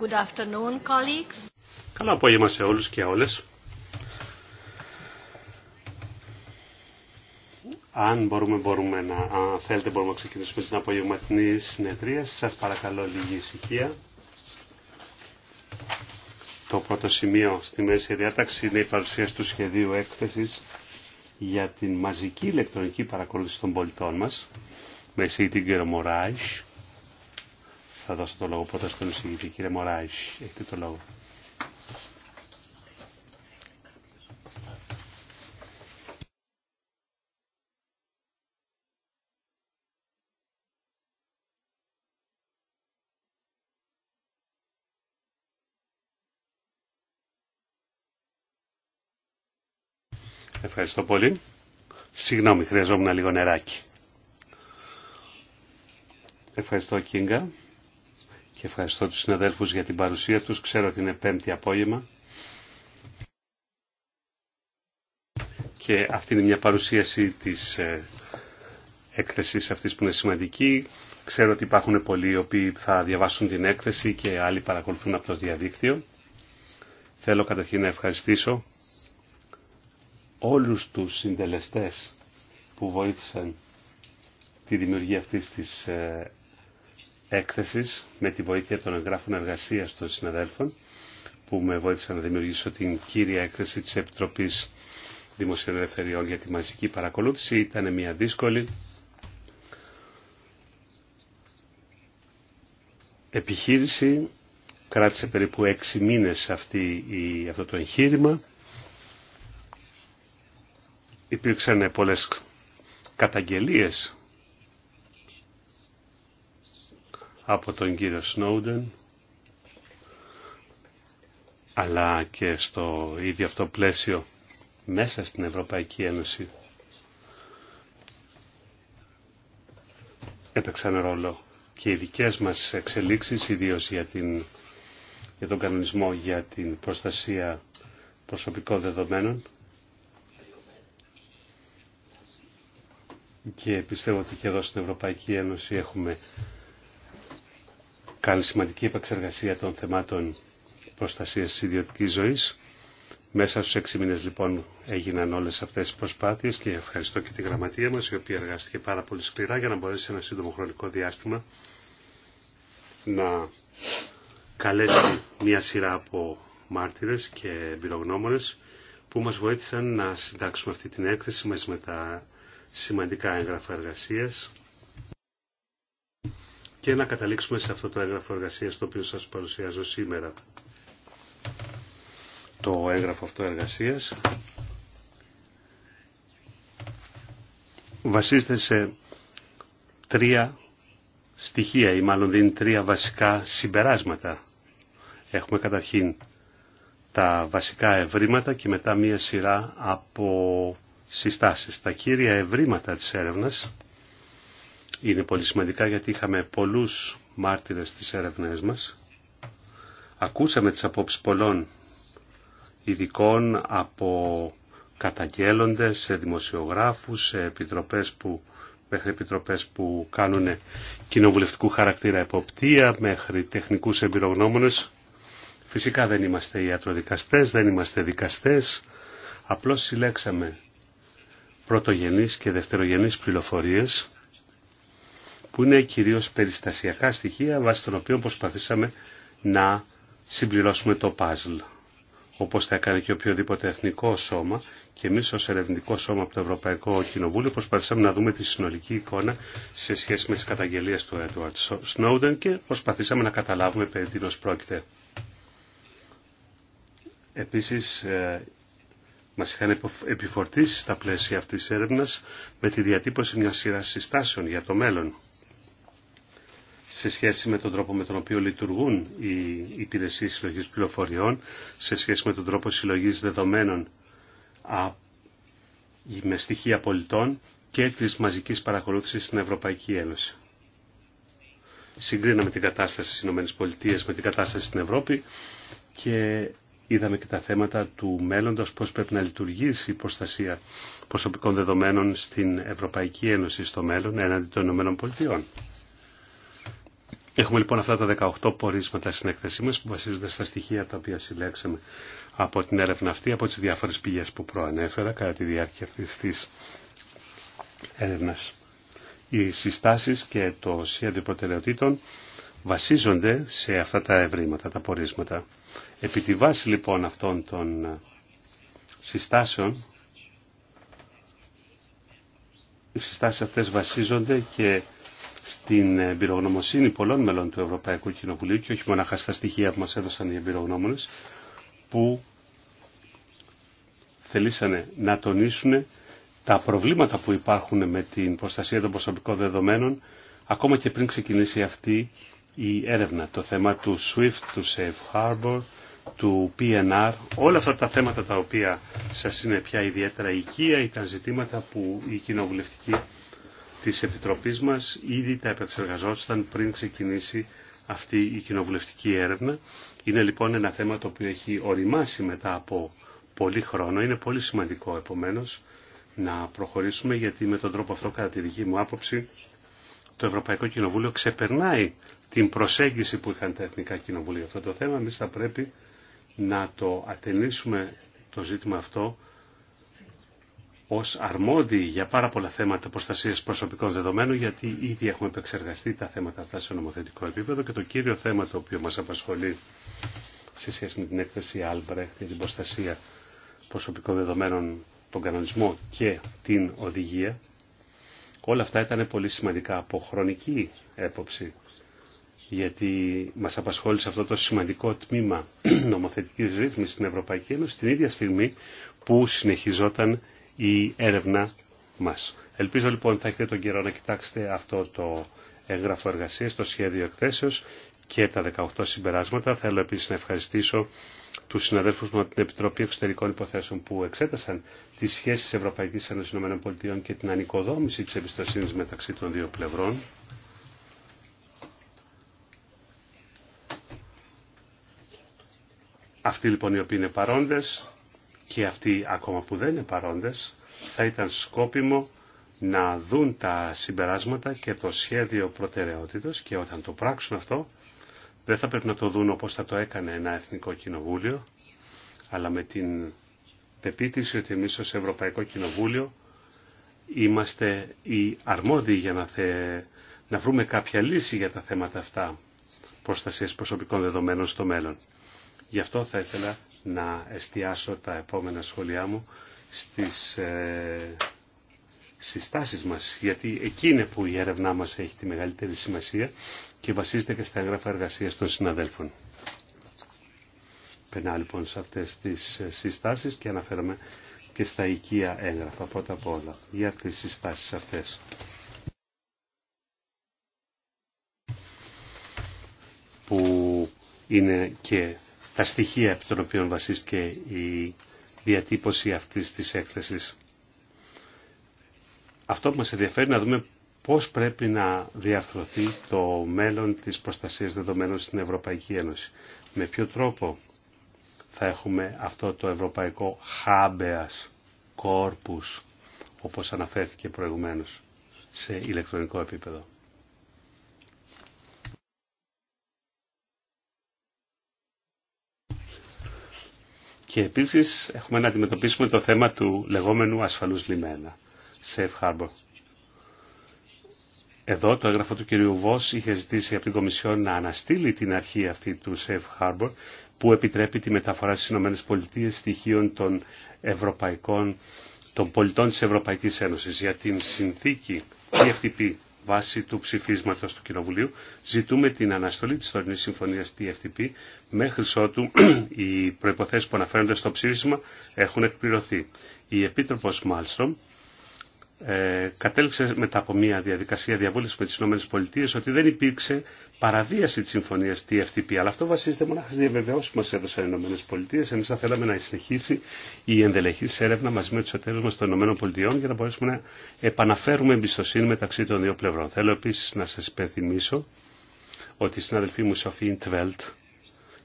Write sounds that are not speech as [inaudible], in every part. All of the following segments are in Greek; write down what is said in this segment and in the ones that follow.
Good afternoon, colleagues. Καλό απόγευμα σε όλους και όλες. Αν μπορούμε, μπορούμε να, αν θέλετε, μπορούμε να ξεκινήσουμε την απογευματινή συνεδρία. Σας παρακαλώ λίγη ησυχία. Το πρώτο σημείο στη μέση διάταξη είναι η παρουσίαση του σχεδίου έκθεσης για την μαζική ηλεκτρονική παρακολούθηση των πολιτών μας με την θα δώσω το λόγο πρώτα στον εισηγητή. Κύριε Μωράης, έχετε το λόγο. Ευχαριστώ πολύ. Συγγνώμη, χρειαζόμουν λίγο νεράκι. Ευχαριστώ, Κίνγκα και ευχαριστώ τους συναδέλφους για την παρουσία τους. Ξέρω ότι είναι πέμπτη απόγευμα και αυτή είναι μια παρουσίαση της ε, έκθεσης αυτής που είναι σημαντική. Ξέρω ότι υπάρχουν πολλοί οι οποίοι θα διαβάσουν την έκθεση και άλλοι παρακολουθούν από το διαδίκτυο. Θέλω καταρχήν να ευχαριστήσω όλους τους συντελεστές που βοήθησαν τη δημιουργία αυτής της ε, έκθεσης με τη βοήθεια των εγγράφων εργασίας των συναδέλφων που με βοήθησαν να δημιουργήσω την κύρια έκθεση της Επιτροπής Δημοσίων για τη μαζική παρακολούθηση. Ήταν μια δύσκολη επιχείρηση. Κράτησε περίπου έξι μήνες αυτό το εγχείρημα. Υπήρξαν πολλές καταγγελίες από τον κύριο Σνόντεν αλλά και στο ίδιο αυτό πλαίσιο μέσα στην Ευρωπαϊκή Ένωση έπαιξαν ρόλο και οι δικές μας εξελίξεις ιδίως για, για τον κανονισμό για την προστασία προσωπικών δεδομένων και πιστεύω ότι και εδώ στην Ευρωπαϊκή Ένωση έχουμε Καλή σημαντική επεξεργασία των θεμάτων προστασίας της ιδιωτικής ζωής. Μέσα στους έξι μήνες λοιπόν έγιναν όλες αυτές οι προσπάθειες και ευχαριστώ και τη γραμματεία μας η οποία εργάστηκε πάρα πολύ σκληρά για να μπορέσει σε ένα σύντομο χρονικό διάστημα να καλέσει μια σειρά από μάρτυρες και εμπειρογνώμονες που μας βοήθησαν να συντάξουμε αυτή την έκθεση μαζί με τα σημαντικά έγγραφα εργασίας και να καταλήξουμε σε αυτό το έγγραφο εργασίας το οποίο σας παρουσιάζω σήμερα. Το έγγραφο αυτό εργασίας βασίζεται σε τρία στοιχεία ή μάλλον δίνει τρία βασικά συμπεράσματα. Έχουμε καταρχήν τα βασικά ευρήματα και μετά μία σειρά από συστάσεις. Τα κύρια ευρήματα της έρευνας είναι πολύ σημαντικά γιατί είχαμε πολλούς μάρτυρες στις έρευνές μας. Ακούσαμε τις απόψεις πολλών ειδικών από καταγγέλλοντες, σε δημοσιογράφους, επιτροπές που, μέχρι επιτροπές που κάνουν κοινοβουλευτικού χαρακτήρα εποπτεία, μέχρι τεχνικούς εμπειρογνώμονες. Φυσικά δεν είμαστε ιατροδικαστές, δεν είμαστε δικαστές, απλώς συλλέξαμε πρωτογενείς και δευτερογενείς πληροφορίες που είναι κυρίως περιστασιακά στοιχεία βάσει των οποίων προσπαθήσαμε να συμπληρώσουμε το παζλ. Όπως θα έκανε και οποιοδήποτε εθνικό σώμα και εμείς ως ερευνητικό σώμα από το Ευρωπαϊκό Κοινοβούλιο προσπαθήσαμε να δούμε τη συνολική εικόνα σε σχέση με τις καταγγελίες του Έντουαρτ Snowden και προσπαθήσαμε να καταλάβουμε περί τίνος πρόκειται. Επίσης ε, μας είχαν επιφορτήσει στα πλαίσια αυτής της έρευνας με τη διατύπωση μιας σειράς συστάσεων για το μέλλον σε σχέση με τον τρόπο με τον οποίο λειτουργούν οι υπηρεσίες συλλογής πληροφοριών, σε σχέση με τον τρόπο συλλογής δεδομένων με στοιχεία πολιτών και της μαζικής παρακολούθησης στην Ευρωπαϊκή Ένωση. Συγκρίναμε την κατάσταση στις ΗΠΑ με την κατάσταση στην Ευρώπη και είδαμε και τα θέματα του μέλλοντος, πώς πρέπει να λειτουργήσει η προστασία προσωπικών δεδομένων στην Ευρωπαϊκή Ένωση στο μέλλον έναντι των ΗΠΑ. Έχουμε λοιπόν αυτά τα 18 πορίσματα στην έκθεσή μας που βασίζονται στα στοιχεία τα οποία συλλέξαμε από την έρευνα αυτή, από τις διάφορες πηγές που προανέφερα κατά τη διάρκεια αυτής της έρευνας. Οι συστάσεις και το σχέδιο προτεραιοτήτων βασίζονται σε αυτά τα ευρήματα, τα πορίσματα. Επί τη βάση λοιπόν αυτών των συστάσεων, οι συστάσεις αυτές βασίζονται και στην εμπειρογνωμοσύνη πολλών μελών του Ευρωπαϊκού Κοινοβουλίου και όχι μονάχα στα στοιχεία που μας έδωσαν οι εμπειρογνώμονες που θελήσανε να τονίσουν τα προβλήματα που υπάρχουν με την προστασία των προσωπικών δεδομένων ακόμα και πριν ξεκινήσει αυτή η έρευνα. Το θέμα του SWIFT, του Safe Harbor, του PNR, όλα αυτά τα θέματα τα οποία σας είναι πια ιδιαίτερα οικεία ήταν ζητήματα που οι κοινοβουλευτικοί της Επιτροπής μας ήδη τα επεξεργαζόταν πριν ξεκινήσει αυτή η κοινοβουλευτική έρευνα. Είναι λοιπόν ένα θέμα το οποίο έχει οριμάσει μετά από πολύ χρόνο. Είναι πολύ σημαντικό επομένως να προχωρήσουμε γιατί με τον τρόπο αυτό κατά τη δική μου άποψη το Ευρωπαϊκό Κοινοβούλιο ξεπερνάει την προσέγγιση που είχαν τα Εθνικά Κοινοβούλια αυτό το θέμα. Εμεί θα πρέπει να το ατενίσουμε το ζήτημα αυτό ως αρμόδιοι για πάρα πολλά θέματα προστασία προσωπικών δεδομένων, γιατί ήδη έχουμε επεξεργαστεί τα θέματα αυτά σε νομοθετικό επίπεδο και το κύριο θέμα το οποίο μας απασχολεί σε σχέση με την έκθεση Albrecht για την προστασία προσωπικών δεδομένων, τον κανονισμό και την οδηγία, όλα αυτά ήταν πολύ σημαντικά από χρονική έποψη, γιατί μας απασχόλησε αυτό το σημαντικό τμήμα [clears throat] νομοθετικής ρύθμισης στην Ευρωπαϊκή Ένωση την ίδια στιγμή που συνεχιζόταν η έρευνα μας. Ελπίζω λοιπόν θα έχετε τον καιρό να κοιτάξετε αυτό το έγγραφο εργασίας, το σχέδιο εκθέσεως και τα 18 συμπεράσματα. Θέλω επίσης να ευχαριστήσω τους συναδέλφους μου από την Επιτροπή Εξωτερικών Υποθέσεων που εξέτασαν τις σχέσεις Ευρωπαϊκής Ένωσης Πολιτειών και την ανοικοδόμηση της εμπιστοσύνης μεταξύ των δύο πλευρών. Αυτοί λοιπόν οι οποίοι είναι παρόντες και αυτοί ακόμα που δεν είναι παρόντες θα ήταν σκόπιμο να δουν τα συμπεράσματα και το σχέδιο προτεραιότητος και όταν το πράξουν αυτό δεν θα πρέπει να το δουν όπως θα το έκανε ένα Εθνικό Κοινοβούλιο αλλά με την πεποίθηση ότι εμείς ως Ευρωπαϊκό Κοινοβούλιο είμαστε οι αρμόδιοι για να, να βρούμε κάποια λύση για τα θέματα αυτά προστασίας προσωπικών δεδομένων στο μέλλον. Γι' αυτό θα ήθελα να εστιάσω τα επόμενα σχόλιά μου στις ε, συστάσεις μας, γιατί εκεί είναι που η έρευνά μας έχει τη μεγαλύτερη σημασία και βασίζεται και στα έγγραφα εργασίας των συναδέλφων. Περνάω λοιπόν σε αυτές τις ε, συστάσεις και αναφέρομαι και στα οικία έγγραφα πρώτα απ' όλα για τις συστάσεις αυτές. που είναι και τα στοιχεία από τον οποίων βασίστηκε η διατύπωση αυτής της έκθεσης. Αυτό που μας ενδιαφέρει να δούμε πώς πρέπει να διαρθρωθεί το μέλλον της προστασίας δεδομένων στην Ευρωπαϊκή Ένωση. Με ποιο τρόπο θα έχουμε αυτό το ευρωπαϊκό χάμπεας κόρπους, όπως αναφέρθηκε προηγουμένως, σε ηλεκτρονικό επίπεδο. Και επίσης έχουμε να αντιμετωπίσουμε το θέμα του λεγόμενου ασφαλούς λιμένα, safe harbor. Εδώ το έγγραφο του κυρίου Βος είχε ζητήσει από την Κομισιόν να αναστείλει την αρχή αυτή του safe harbor που επιτρέπει τη μεταφορά στις ΗΠΑ στοιχείων των ευρωπαϊκών των πολιτών της Ευρωπαϊκής Ένωσης για την συνθήκη TFTP βάση του ψηφίσματος του Κοινοβουλίου, ζητούμε την αναστολή της τωρινής συμφωνίας TFTP μέχρι ότου οι προϋποθέσεις που αναφέρονται στο ψήφισμα έχουν εκπληρωθεί. Η Επίτροπος Μάλστρομ ε, κατέληξε μετά από μια διαδικασία διαβούλευση με τι ΗΠΑ ότι δεν υπήρξε παραβίαση τη συμφωνία TFTP. Αλλά αυτό βασίζεται μόνο στι διαβεβαιώσει που μα έδωσαν οι ΗΠΑ. Εμεί θα θέλαμε να συνεχίσει η ενδελεχή έρευνα μαζί με του εταίρου μα των ΗΠΑ για να μπορέσουμε να επαναφέρουμε εμπιστοσύνη μεταξύ των δύο πλευρών. Θέλω επίση να σα υπενθυμίσω ότι η συναδελφή μου Σοφίν Τβέλτ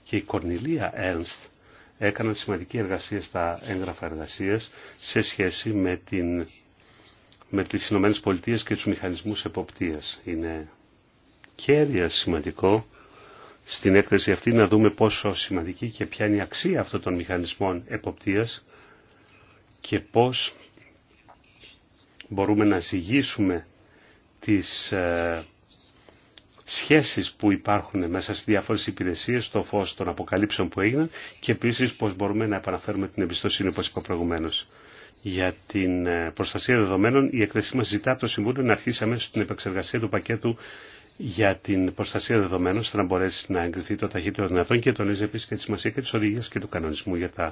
και η Κορνιλία Έρνστ έκαναν σημαντική εργασία στα έγγραφα εργασία σε σχέση με την με τις Ηνωμένες Πολιτείες και τους μηχανισμούς εποπτείας. Είναι κέρια σημαντικό στην έκθεση αυτή να δούμε πόσο σημαντική και ποια είναι η αξία αυτών των μηχανισμών εποπτείας και πώς μπορούμε να ζυγίσουμε τις ε, σχέσεις που υπάρχουν μέσα στις διάφορες υπηρεσίες στο φως των αποκαλύψεων που έγιναν και επίσης πώς μπορούμε να επαναφέρουμε την εμπιστοσύνη όπως είπα προηγουμένως για την ε, προστασία δεδομένων, η εκθεσή μας ζητά από το Συμβούλιο να αρχίσει αμέσως την επεξεργασία του πακέτου για την προστασία δεδομένων, ώστε να μπορέσει να εγκριθεί το ταχύτερο δυνατόν και τονίζει επίση και τη σημασία και τη οδηγία και του κανονισμού για, τα,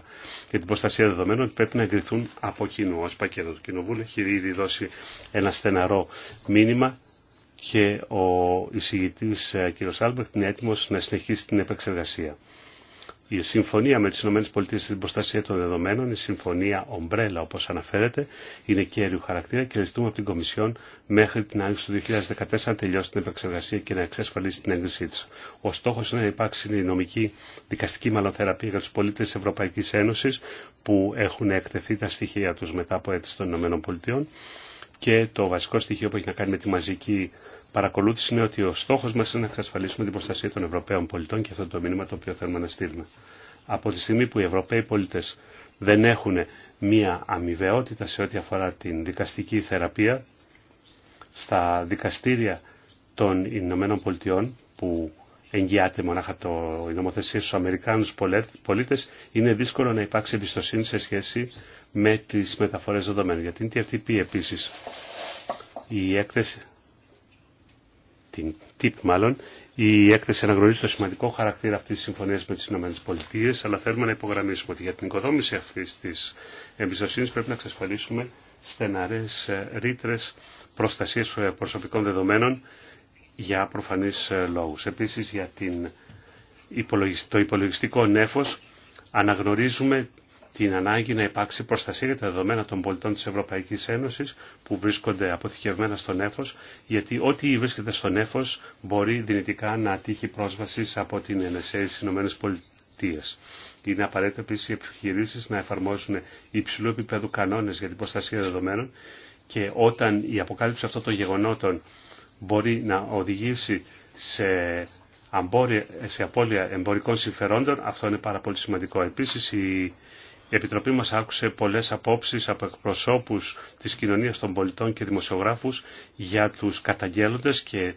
για την προστασία δεδομένων ότι πρέπει να εγκριθούν από κοινού ω πακέτο. του Κοινοβούλιο έχει ήδη δώσει ένα στεναρό μήνυμα και ο εισηγητή ε, κ. Άλμπερτ είναι έτοιμο να συνεχίσει την επεξεργασία η συμφωνία με τις ΗΠΑ στην προστασία των δεδομένων, η συμφωνία ομπρέλα όπως αναφέρεται, είναι κέριου χαρακτήρα και ζητούμε από την Κομισιόν μέχρι την άνοιξη του 2014 να τελειώσει την επεξεργασία και να εξασφαλίσει την έγκρισή της. Ο στόχος είναι να υπάρξει η νομική δικαστική μαλλοθεραπεία για τους πολίτες της Ευρωπαϊκής Ένωσης που έχουν εκτεθεί τα στοιχεία τους μετά από αίτηση των ΗΠΑ και το βασικό στοιχείο που έχει να κάνει με τη μαζική παρακολούθηση είναι ότι ο στόχο μα είναι να εξασφαλίσουμε την προστασία των Ευρωπαίων πολιτών και αυτό είναι το μήνυμα το οποίο θέλουμε να στείλουμε. Από τη στιγμή που οι Ευρωπαίοι πολίτε δεν έχουν μία αμοιβαιότητα σε ό,τι αφορά την δικαστική θεραπεία στα δικαστήρια των Ηνωμένων Πολιτειών που εγγυάται μονάχα το, η νομοθεσία στους Αμερικάνους πολίτες, είναι δύσκολο να υπάρξει εμπιστοσύνη σε σχέση με τις μεταφορές δεδομένων. Για την TFTP επίσης η έκθεση, την TIP μάλλον, η έκθεση αναγνωρίζει το σημαντικό χαρακτήρα αυτής της συμφωνίας με τις ΗΠΑ, αλλά θέλουμε να υπογραμμίσουμε ότι για την οικοδόμηση αυτής της εμπιστοσύνης πρέπει να εξασφαλίσουμε στεναρές ε, ρήτρε προστασίας ε, προσωπικών δεδομένων για προφανείς ε, λόγους. Επίσης για την, το υπολογιστικό νέφος αναγνωρίζουμε την ανάγκη να υπάρξει προστασία για τα δεδομένα των πολιτών της Ευρωπαϊκής Ένωσης που βρίσκονται αποθηκευμένα στον έφος, γιατί ό,τι βρίσκεται στον έφος μπορεί δυνητικά να τύχει πρόσβαση από την NSA στις Ηνωμένες Πολιτείες. Είναι απαραίτητο επίση οι επιχειρήσει να εφαρμόσουν υψηλού επίπεδου κανόνε για την προστασία δεδομένων και όταν η αποκάλυψη αυτών των γεγονότων μπορεί να οδηγήσει σε, σε απώλεια εμπορικών συμφερόντων, αυτό είναι πάρα πολύ σημαντικό. Επίσης η Επιτροπή μας άκουσε πολλές απόψεις από εκπροσώπους της κοινωνίας των πολιτών και δημοσιογράφους για τους καταγγέλλοντες και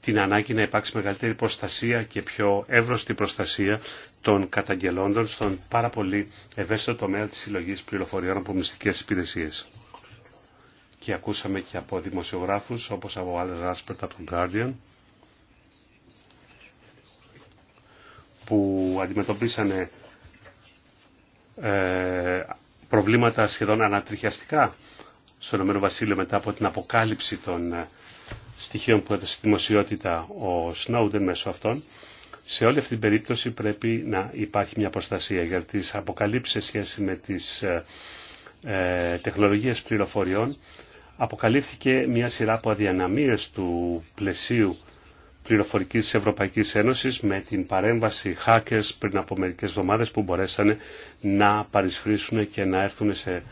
την ανάγκη να υπάρξει μεγαλύτερη προστασία και πιο εύρωστη προστασία των καταγγελόντων στον πάρα πολύ ευαίσθητο τομέα της συλλογή πληροφοριών από μυστικές υπηρεσίες. Και ακούσαμε και από δημοσιογράφους όπως από άλλες Ράσπερτ από τον Guardian που αντιμετωπίσανε ε, προβλήματα σχεδόν ανατριχιαστικά στο Ηνωμένο Βασίλειο μετά από την αποκάλυψη των ε, στοιχείων που έδωσε στη δημοσιότητα ο Σνόουντεν μέσω αυτών. Σε όλη αυτή την περίπτωση πρέπει να υπάρχει μια προστασία για τις αποκαλύψεις σε σχέση με τις ε, ε, τεχνολογίες πληροφοριών. Αποκαλύφθηκε μια σειρά από αδιαναμίες του πλαισίου πληροφορικής της Ευρωπαϊκής Ένωσης με την παρέμβαση hackers πριν από μερικές εβδομάδες που μπορέσανε να παρισφρήσουν και να έρθουν σε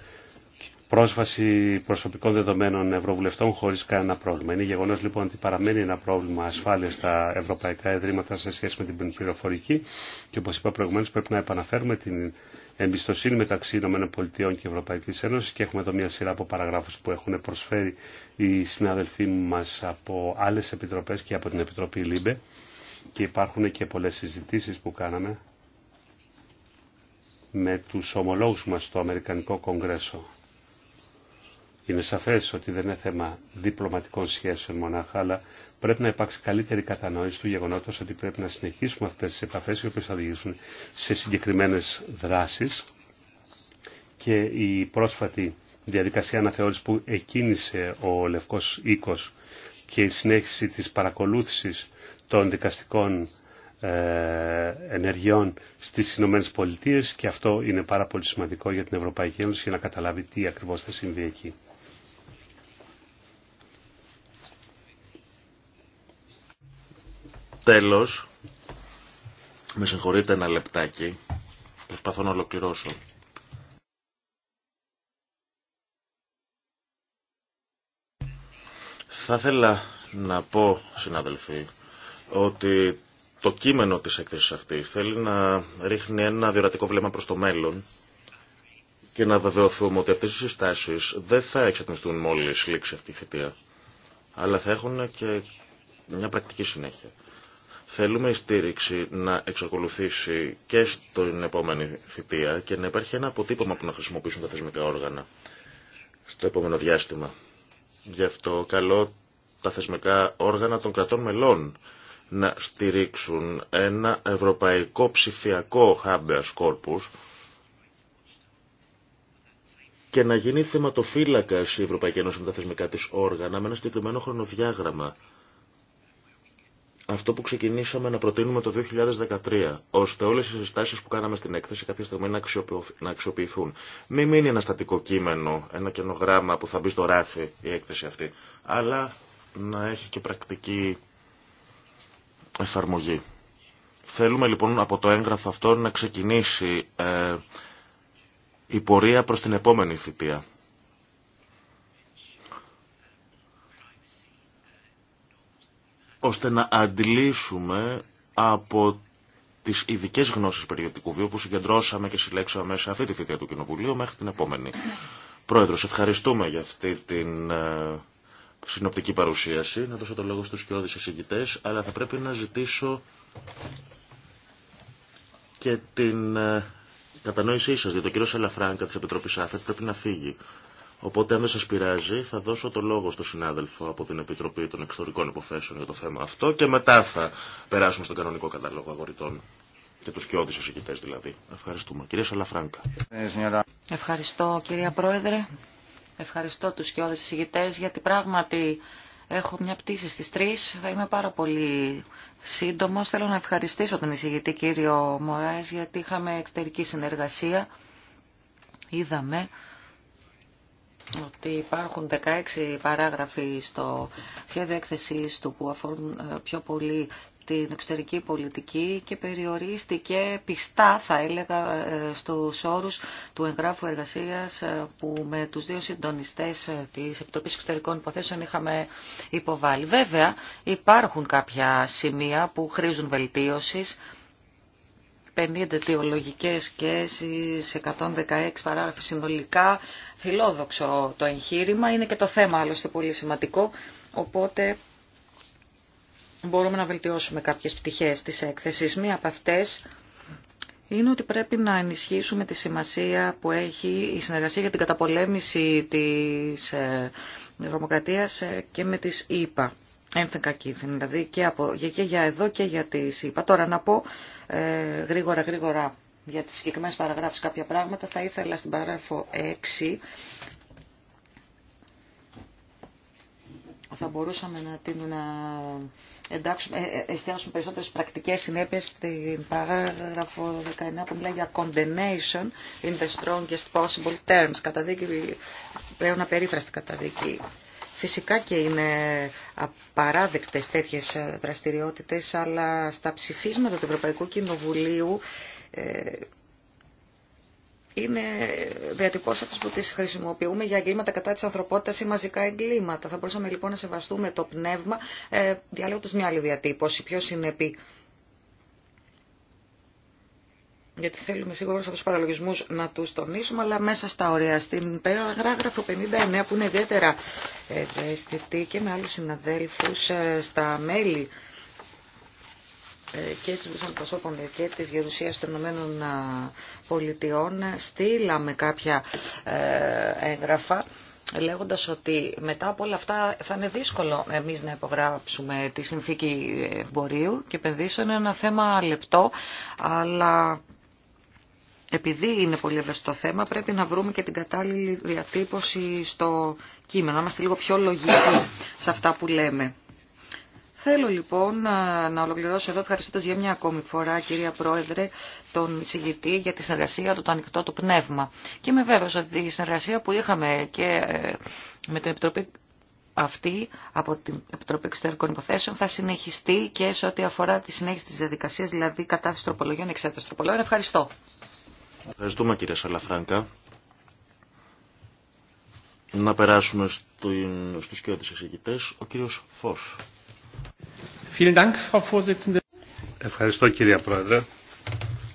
πρόσβαση προσωπικών δεδομένων ευρωβουλευτών χωρίς κανένα πρόβλημα. Είναι γεγονός λοιπόν ότι παραμένει ένα πρόβλημα ασφάλεια στα ευρωπαϊκά ιδρύματα σε σχέση με την πληροφορική και όπως είπα προηγουμένως πρέπει να επαναφέρουμε την εμπιστοσύνη μεταξύ ΗΠΑ και Ευρωπαϊκής και έχουμε εδώ μια σειρά από παραγράφους που έχουν προσφέρει οι συναδελφοί μας από άλλες επιτροπές και από την Επιτροπή ΛΥΜΠΕ και υπάρχουν και πολλές συζητήσεις που κάναμε με τους ομολόγους μας στο Αμερικανικό Κογκρέσο. Είναι σαφές ότι δεν είναι θέμα διπλωματικών σχέσεων μονάχα, αλλά πρέπει να υπάρξει καλύτερη κατανόηση του γεγονότος ότι πρέπει να συνεχίσουμε αυτέ τι επαφέ, οι οποίε θα οδηγήσουν σε συγκεκριμένε δράσει. Και η πρόσφατη διαδικασία αναθεώρησης που εκκίνησε ο Λευκό Οίκο και η συνέχιση της παρακολούθησης των δικαστικών ε, ενεργειών στις Ηνωμένες Πολιτείες και αυτό είναι πάρα πολύ σημαντικό για την Ευρωπαϊκή Ένωση για να καταλάβει τι ακριβώς θα συμβεί εκεί. Τέλος, με συγχωρείτε ένα λεπτάκι, προσπαθώ να ολοκληρώσω. Θα ήθελα να πω, συναδελφοί, ότι το κείμενο της έκθεσης αυτής θέλει να ρίχνει ένα διορατικό βλέμμα προς το μέλλον και να βεβαιωθούμε ότι αυτές οι συστάσεις δεν θα εξατμιστούν μόλις λήξει αυτή η θητεία, αλλά θα έχουν και μια πρακτική συνέχεια. Θέλουμε η στήριξη να εξακολουθήσει και στην επόμενη θητεία και να υπάρχει ένα αποτύπωμα που να χρησιμοποιήσουν τα θεσμικά όργανα στο επόμενο διάστημα. Γι' αυτό καλό τα θεσμικά όργανα των κρατών μελών να στηρίξουν ένα ευρωπαϊκό ψηφιακό habeas corpus και να γίνει θεματοφύλακα η Ευρωπαϊκή Ένωση με τα θεσμικά της όργανα με ένα συγκεκριμένο χρονοδιάγραμμα αυτό που ξεκινήσαμε να προτείνουμε το 2013, ώστε όλε οι συστάσει που κάναμε στην έκθεση κάποια στιγμή να αξιοποιηθούν. Μην μείνει ένα στατικό κείμενο, ένα καινογράμμα που θα μπει στο ράφι η έκθεση αυτή, αλλά να έχει και πρακτική εφαρμογή. Θέλουμε λοιπόν από το έγγραφο αυτό να ξεκινήσει ε, η πορεία προς την επόμενη θητεία. ώστε να αντιλήσουμε από τι ειδικέ γνώσει περιοδικού βίου που συγκεντρώσαμε και συλλέξαμε σε αυτή τη θητεία του Κοινοβουλίου μέχρι την επόμενη. Πρόεδρος, ευχαριστούμε για αυτή την ε, συνοπτική παρουσίαση. Να δώσω το λόγο στους κοιόδης εισηγητές, αλλά θα πρέπει να ζητήσω και την ε, κατανόησή σας, διότι ο κύριος Σαλαφράγκα της Επιτροπής ΑΘΕΤ πρέπει να φύγει. Οπότε αν δεν σας πειράζει θα δώσω το λόγο στο συνάδελφο από την Επιτροπή των Εξωτερικών Υποθέσεων για το θέμα αυτό και μετά θα περάσουμε στον κανονικό κατάλογο αγορητών και τους κοιόδης εισηγητές δηλαδή. Ευχαριστούμε. Κυρία Σαλαφράγκα. Ευχαριστώ κυρία Πρόεδρε. Ευχαριστώ τους κοιόδης εισηγητές γιατί πράγματι έχω μια πτήση στις 3. Θα είμαι πάρα πολύ σύντομος. Θέλω να ευχαριστήσω τον εισηγητή κύριο Μωράης γιατί είχαμε εξωτερική συνεργασία. Είδαμε ότι υπάρχουν 16 παράγραφοι στο σχέδιο έκθεσής του που αφορούν ε, πιο πολύ την εξωτερική πολιτική και περιορίστηκε πιστά, θα έλεγα, ε, στους όρους του εγγράφου εργασίας ε, που με τους δύο συντονιστές της Επιτροπής Εξωτερικών Υποθέσεων είχαμε υποβάλει. Βέβαια, υπάρχουν κάποια σημεία που χρήζουν βελτίωσης 50 αιτιολογικές σχέσει 116 παράγραφοι συνολικά. Φιλόδοξο το εγχείρημα, είναι και το θέμα άλλωστε πολύ σημαντικό, οπότε μπορούμε να βελτιώσουμε κάποιες πτυχές της έκθεσης. Μία από αυτές είναι ότι πρέπει να ενισχύσουμε τη σημασία που έχει η συνεργασία για την καταπολέμηση της δημοκρατίας ε, ε, ε, και με τις ΗΠΑ ένθεκα κίνδυνο, δηλαδή και, από, και για εδώ και για τη ΣΥΠΑ. Τώρα να πω ε, γρήγορα γρήγορα για τις συγκεκριμένε παραγράφους κάποια πράγματα. Θα ήθελα στην παράγραφο 6 θα μπορούσαμε να την να ε, εντάξουμε, ε, ε, εστιάσουμε περισσότερες πρακτικές συνέπειες στην παράγραφο 19 που μιλάει για condemnation in the strongest possible terms, καταδίκη, πλέον περίφραστη καταδίκη Φυσικά και είναι απαράδεκτες τέτοιες δραστηριότητες, αλλά στα ψηφίσματα του Ευρωπαϊκού Κοινοβουλίου ε, είναι διατυπώσατες που τις χρησιμοποιούμε για εγκλήματα κατά της ανθρωπότητας ή μαζικά εγκλήματα. Θα μπορούσαμε λοιπόν να σεβαστούμε το πνεύμα, ε, διαλέγοντα μια άλλη διατύπωση, είναι συνεπή γιατί θέλουμε σίγουρα στου αυτούς τους παραλογισμούς να τους τονίσουμε, αλλά μέσα στα ωραία. Στην παράγραφο 59 που είναι ιδιαίτερα ευαισθητή και με άλλους συναδέλφους ε, στα μέλη ε, και της Βουλής Αντιπροσώπων και της Γερουσίας των Ηνωμένων ε, Πολιτειών στείλαμε κάποια έγγραφα λέγοντας ότι μετά από όλα αυτά θα είναι δύσκολο εμείς να υπογράψουμε τη συνθήκη εμπορίου και επενδύσεων είναι ένα θέμα λεπτό, αλλά επειδή είναι πολύ ευαίσθητο θέμα, πρέπει να βρούμε και την κατάλληλη διατύπωση στο κείμενο. Να είμαστε λίγο πιο λογικοί σε αυτά που λέμε. Θέλω λοιπόν να ολοκληρώσω εδώ ευχαριστώντας για μια ακόμη φορά κυρία Πρόεδρε τον εισηγητή για τη συνεργασία του, το ανοιχτό του πνεύμα. Και είμαι βέβαιος ότι η συνεργασία που είχαμε και ε, με την Επιτροπή αυτή από την Επιτροπή Εξωτερικών Υποθέσεων θα συνεχιστεί και σε ό,τι αφορά τη συνέχιση της διαδικασίας, δηλαδή κατάθεση τροπολογιών, εξέταση τροπολογιών. Ευχαριστώ. Ευχαριστούμε κύριε Σαλαφράνκα Να περάσουμε στους κοιότητες εξηγητές. Ο κύριος Φως. Ευχαριστώ κύριε Πρόεδρε.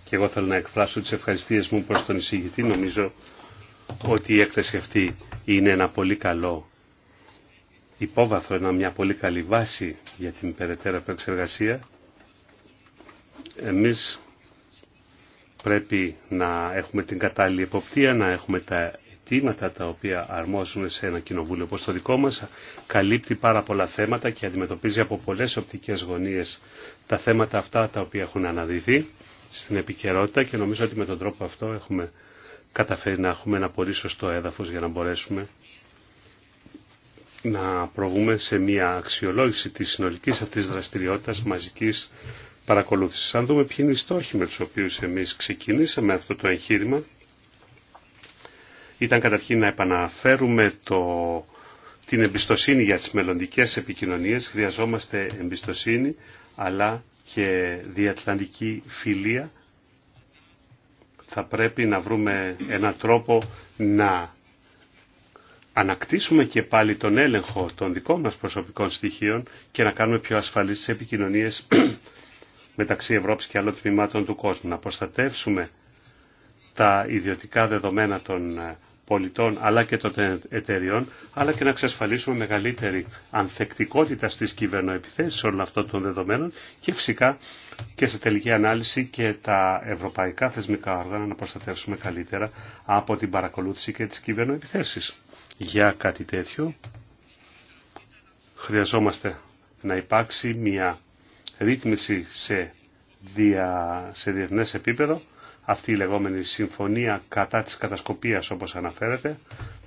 Και εγώ θέλω να εκφράσω τις ευχαριστίες μου προς τον εισηγητή. Νομίζω ότι η έκθεση αυτή είναι ένα πολύ καλό υπόβαθρο, είναι μια πολύ καλή βάση για την περαιτέρω επεξεργασία. Εμείς πρέπει να έχουμε την κατάλληλη εποπτεία, να έχουμε τα αιτήματα τα οποία αρμόζουν σε ένα κοινοβούλιο όπως το δικό μας, καλύπτει πάρα πολλά θέματα και αντιμετωπίζει από πολλές οπτικές γωνίες τα θέματα αυτά τα οποία έχουν αναδειθεί στην επικαιρότητα και νομίζω ότι με τον τρόπο αυτό έχουμε καταφέρει να έχουμε ένα πολύ σωστό έδαφος για να μπορέσουμε να προβούμε σε μια αξιολόγηση της συνολικής αυτής δραστηριότητας μαζικής παρακολούθηση. Αν δούμε ποιοι είναι οι στόχοι με τους οποίους εμείς ξεκινήσαμε αυτό το εγχείρημα, ήταν καταρχήν να επαναφέρουμε το, την εμπιστοσύνη για τις μελλοντικές επικοινωνίες. Χρειαζόμαστε εμπιστοσύνη, αλλά και διατλαντική φιλία. Θα πρέπει να βρούμε έναν τρόπο να ανακτήσουμε και πάλι τον έλεγχο των δικών μας προσωπικών στοιχείων και να κάνουμε πιο ασφαλείς τις επικοινωνίες μεταξύ Ευρώπης και άλλων τμήματων του κόσμου. Να προστατεύσουμε τα ιδιωτικά δεδομένα των ε, πολιτών αλλά και των εταιριών, αλλά και να εξασφαλίσουμε μεγαλύτερη ανθεκτικότητα στις κυβερνοεπιθέσεις όλων αυτών των δεδομένων και φυσικά και σε τελική ανάλυση και τα ευρωπαϊκά θεσμικά όργανα να προστατεύσουμε καλύτερα από την παρακολούθηση και τις κυβερνοεπιθέσεις. Για κάτι τέτοιο χρειαζόμαστε να υπάρξει μια ρύθμιση σε, δια, σε διεθνές επίπεδο, αυτή η λεγόμενη συμφωνία κατά της κατασκοπίας όπως αναφέρεται.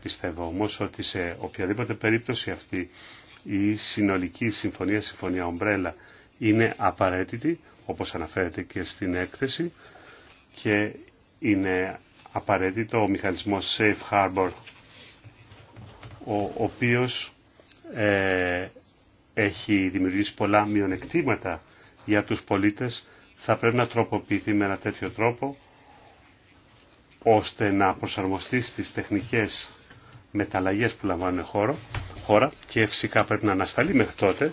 Πιστεύω όμως ότι σε οποιαδήποτε περίπτωση αυτή η συνολική συμφωνία, συμφωνία ομπρέλα είναι απαραίτητη όπως αναφέρεται και στην έκθεση και είναι απαραίτητο ο μηχανισμός Safe Harbor ο οποίος ε, έχει δημιουργήσει πολλά μειονεκτήματα για τους πολίτες, θα πρέπει να τροποποιηθεί με ένα τέτοιο τρόπο, ώστε να προσαρμοστεί στις τεχνικές μεταλλαγές που λαμβάνουν χώρο, χώρα και φυσικά πρέπει να ανασταλεί μέχρι τότε.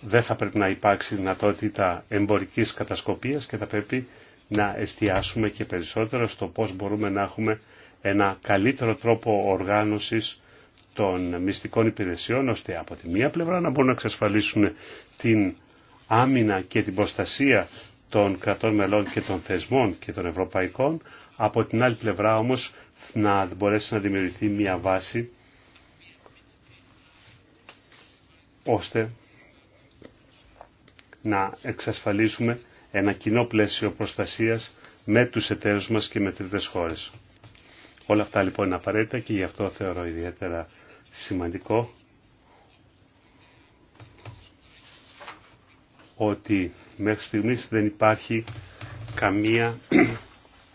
Δεν θα πρέπει να υπάρξει δυνατότητα εμπορικής κατασκοπίας και θα πρέπει να εστιάσουμε και περισσότερο στο πώς μπορούμε να έχουμε ένα καλύτερο τρόπο οργάνωσης των μυστικών υπηρεσιών, ώστε από τη μία πλευρά να μπορούν να εξασφαλίσουν την άμυνα και την προστασία των κρατών μελών και των θεσμών και των ευρωπαϊκών, από την άλλη πλευρά όμως να μπορέσει να δημιουργηθεί μια βάση ώστε να εξασφαλίσουμε ένα κοινό πλαίσιο προστασίας με τους εταίρους μας και με τρίτες χώρες. Όλα αυτά λοιπόν είναι απαραίτητα και γι' αυτό θεωρώ ιδιαίτερα σημαντικό ότι μέχρι στιγμής δεν υπάρχει καμία